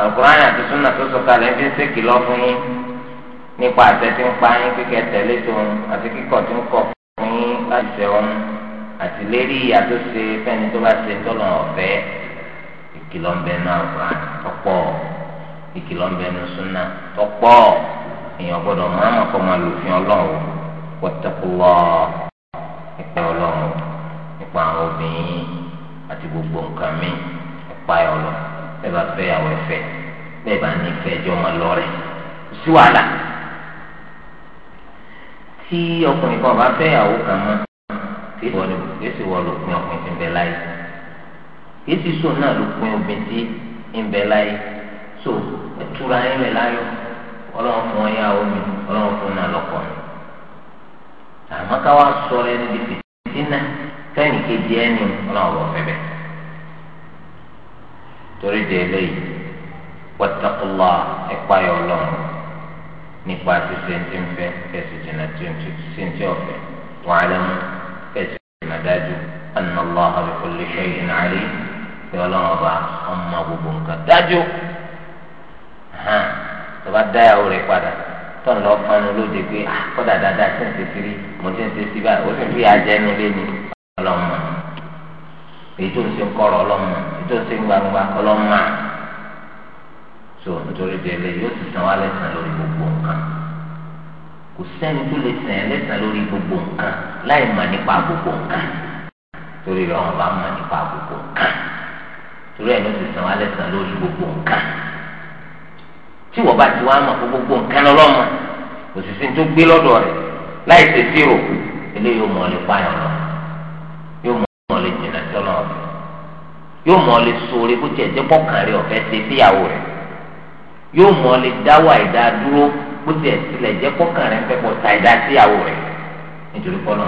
alukur'an àti sunna tó sọ kalẹ̀ ń fi ṣe kìlọ̀ fún yín nípa àṣẹ tí ń pa yín kíkẹ́ tẹ̀lé tó ń àti kíkọ̀ tó ń kọ̀ fún yín láti ṣe wọn àti lérí ìyàtọ̀ fẹ́ni tó bá ṣe tọ́lọ̀ ọ̀fẹ́ ìkìlọ̀ ń bẹ náà ọ̀pọ̀ ìkìlọ̀ ń bẹnu súnà tọ́pọ̀ èèyàn gbọ́dọ̀ máa mọ̀ kọ́ máa lòfin ọlọ́run wọ́tẹ́kùlọ́ ìpè ọlọ́run nípa àwọn obìnrin àti gbogbo nǹkan mi ìpa ẹ̀ ọlọ́ bẹ́ẹ̀ bá fẹ́ yàwó ẹ̀fẹ́ bẹ́ẹ̀ bá ní ìfẹ́ ẹjọ́ máa lọ rẹ̀ kò sí wàhálà tí ọkùnrin kan bá fẹ́ yàwó kan mọ́ kí èsì wọ́n lò ọkùnrin ti ń bẹ láyé kí èsì sùn náà lò obìnrin ti ń bẹ láyé so ẹtura yín lẹ láyọ̀ Ọlọ́run fún ọyá omi Ọlọ́run fún náà lọ́kọ mi àmọ́ ká wá sọ ẹ níbi fìtínà fẹni kejì ẹni Ọlọ́run wọ fẹbẹ torí de eléyìí wọtakùlá ẹpá yọ Ọlọ́run nípa ṣíṣe ti ń fẹ́ fẹsí jìnnà tí ń ti ń ti ọfẹ wàhálà mú fẹsí jìnnà dájú anna Allah bi kulli shay'in alim yọ ọba ọmọ gbogbo nǹkan dájú hàn tó bá dáyàwó rẹ̀ padà tọ́nù lọ fanu lóde pé ah, kọ́dà dáadáa tí ń ṣe sírí mo ti ń ṣe sí báyìí ó sì fi àjẹnu lé ní ọlọ́mọ èyí tó ń ṣe ń kọ̀rọ̀ èyí tó ń ṣe gbangba ọlọ́mọ so nítorí délé yóò sì san wá lẹ́sàn lórí gbogbo nǹkan kò sẹ́ni tó lè sàn lẹ́sàn lórí gbogbo nǹkan láì mà nípa gbogbo nǹkan torí rẹ̀ bá mà nípa gbogbo nǹkan torí ẹ̀ ló sì san wá lẹ́sàn lórí gbogbo nǹkan tí wọ́n bá ti wá mọ̀ kó gbogbo nǹkan lọ́mọ òṣìṣẹ́ tó gbé lọ́dọ̀ rẹ̀ láì ṣe sírò eléyìí yóò mọ̀ ọ́ lè pààyàn lọ yóò mọ̀ ọ́ lè jìnnà sí ọlọ́run yóò mọ̀ ọ́ lè sóore kó tiẹ̀ jẹ́ kọ́kàn rẹ̀ ọ̀fẹ́ ṣe síyàwó rẹ̀ yóò mọ̀ ọ́ lè dáwọ́ àìdá dúró kó tiẹ̀ tilẹ̀ jẹ́ kọ́kàn rẹ̀ ń fẹ́ pọ̀ ta àìdá síyàwó rẹ̀ nítorí kọ́lọ́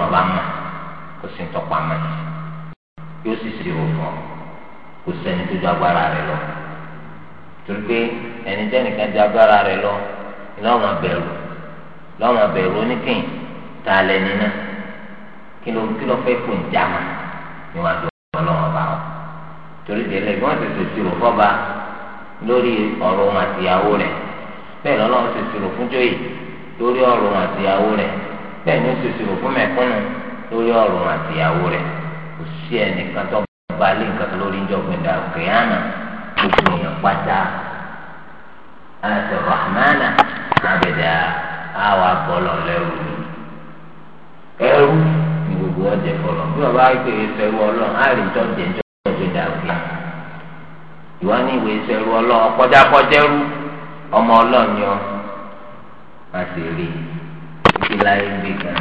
wọn torí pé ẹni tẹ́nìkan di agbára rẹ̀ lọ lọ́mọ bẹ̀rù lọ́mọ bẹ̀rù oníkìn ta lẹ́ni náà kí ló kí ló fẹ́ kó ń já ma níwájú ọlọ́wọ́ bá wọn torí délé bí wọ́n ti tòṣì rò fọ́ba lórí ọ̀rọ̀ wọn àtìyàwó rẹ̀ bẹ́ẹ̀ lọ́lọ́wọ́ tòṣì rò fún jóyè lórí ọ̀rọ̀ wọn àtìyàwó rẹ̀ bẹ́ẹ̀ ni ó tòṣì rò fún mẹ̀kúnnù lórí ọ̀rọ̀ wọn àtìyàwó rẹ̀ kò sí ẹnìkan tó bá nǹkan lórí ìjọba ìdàgbé àná gbogbo èèyàn pátá àti rahmana abẹ́dá àwọn abọ́lọ̀ lẹ́rù ẹrú ni gbogbo ọ̀jẹ̀ fọlọ́ bí wọ́n bá gbé ìfẹ́rù ọlọ́run á rí ìjọ́jẹ̀ ìjọ́jẹ̀ dàgbà ìwọ́n ní ìwé ìfẹ́rù ọlọ́run kọjákọjẹ́rú ọmọ ọlọ́run yọ má sì rí kí láyé gbé kan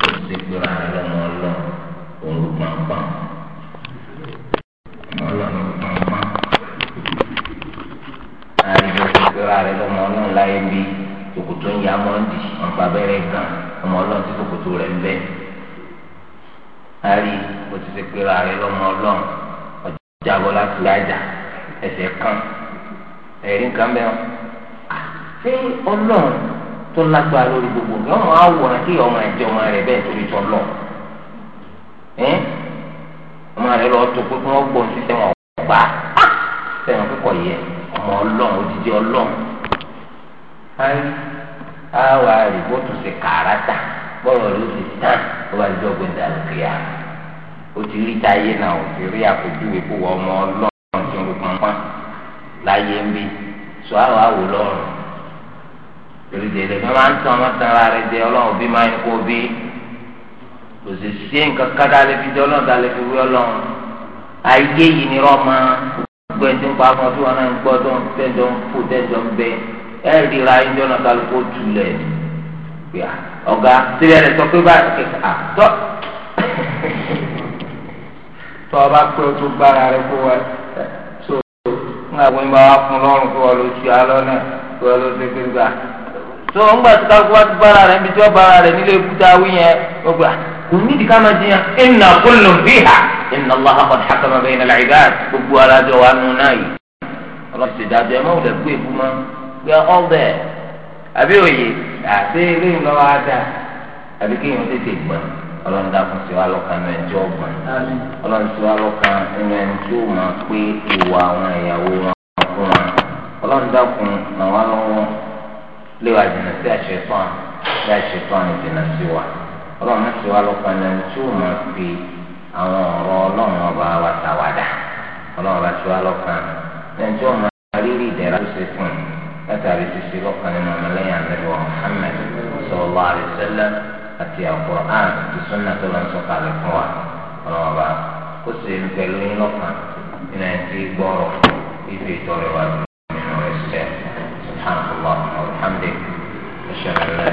tó ti gbéra lọ́mọ ọlọ́run òun gbọ̀ngbọ̀n ọmọ ọlọ́run àìjọ ìgbéra rẹ lọ́mọ ọlọ́run láyé bí tòkòtò ń ya mọ́ndì ọ̀npá abẹ́rẹ́ gan ọmọ ọlọ́run tí tòkòtò rẹ̀ ń bẹ. àrí bó ti ṣe pera rẹ lọ́mọ ọlọ́run ọjà bọ́ láti rájà ẹsẹ̀ kan ẹ̀rí nǹkan bẹ́ẹ̀ ṣé ọlọ́run tó lágbára lórí gbogbo nǹkan ọmọ àwòrán kí ọmọ ẹ̀jẹ̀ ọmọ rẹ̀ bẹ́ẹ̀ torí tọ́ lọ. ọmọ rẹ̀ lọ tó pé kí wọ́n gbóhùn sí sẹ́wọ̀n ọ̀pá ah! sẹ́wọ̀n kíkọ̀ yẹ ọmọ ọlọ́run òjijì ọlọ́run ayi awa àrìbó tún ṣe kàràtà bọ́ọ̀rọ̀ ló ti tán ó bá jọ gbẹ̀dà lókèá ó ti rí táyé náà o ti rí àpèjúwe kó wọ ọmọ ọlọ́run tó ń lu pọ́npọ́n láyé ń bí sọ àwọn àwò lọ́rùn lórí dèrè fún wa ń tán wọn tán ara rẹ jẹ ọlọ́run bí máa ń kó bí kò sì sí nǹkan ká dálé fi jẹ ọlọ́run dálé fi wí ọlọ́run ayé yìí ni rọ́ọ̀mọ́ gbẹ tó ń pa ọmọ tí wọn náà ń gbọ́ tó ń tẹjọ ń fò tẹjọ ń bẹ ẹ ríra ẹjọ náà kálukú tù lẹ ọgá síbẹ̀ rẹ sọ pé báyìí kẹkẹ àtọ tọ ọba pé o tó gbára rẹ kó wa so ńlá wọn bá wà fún lọ́rùn kó wọn lọ sí alọ náà kó wọn lọ sí gbẹgbà so ńgbà tí kálukú wá ti gbára rẹ níbi tí wọn bára rẹ nílé ebúta wí ó gbà òní di ká máa jiyàn inna kullun fiha inna Allaha qad hakama bayna al-ibad gbogbo alájọ wa nù náà yìí ọlọ́run ti dájọ́ ẹ má wùdà gbé èbú mọ́ we are all there àbí òye àti eléyìí lọ́wọ́ á dà àbí kéèyàn tètè gbọ́n ọlọ́run dàkún sí wa lọ́kàn ẹnu ẹ̀jẹ̀ ọgbọ̀n ọlọ́run sí wa lọ́kàn ẹnu ẹ̀jẹ̀ ọmọ pé ìwà àwọn ìyàwó wọn fún wọn ọlọ́run dàkún ràn wá lọ́wọ́ léwà jìnnà sí àṣẹ fún wa sí àṣẹ fún wa ọlọ́run ti wá lọ́kàn lẹ́nu tí ó máa fi àwọn ọ̀rọ̀ ọlọ́run ọba wa tàwádà ọlọ́run bá ti wá lọ́kàn lẹ́nu tí ó máa rírì ìdẹ̀ra tó ṣe fún un látàrí ṣíṣe lọ́kàn nínú ọmọlẹ́yìn àlẹ́wọ̀ Muhammad sallallahu alaihi wasallam àti Al-Qur'an àti sunna tó lọ sọ kalẹ̀ fún wa ọlọ́run ọba kó ṣe ń pẹ̀lú yín lọ́kàn nínú ẹni tí gbọ́rọ̀ ibi ìtọ́rẹ̀ wa nínú ẹ̀ṣẹ̀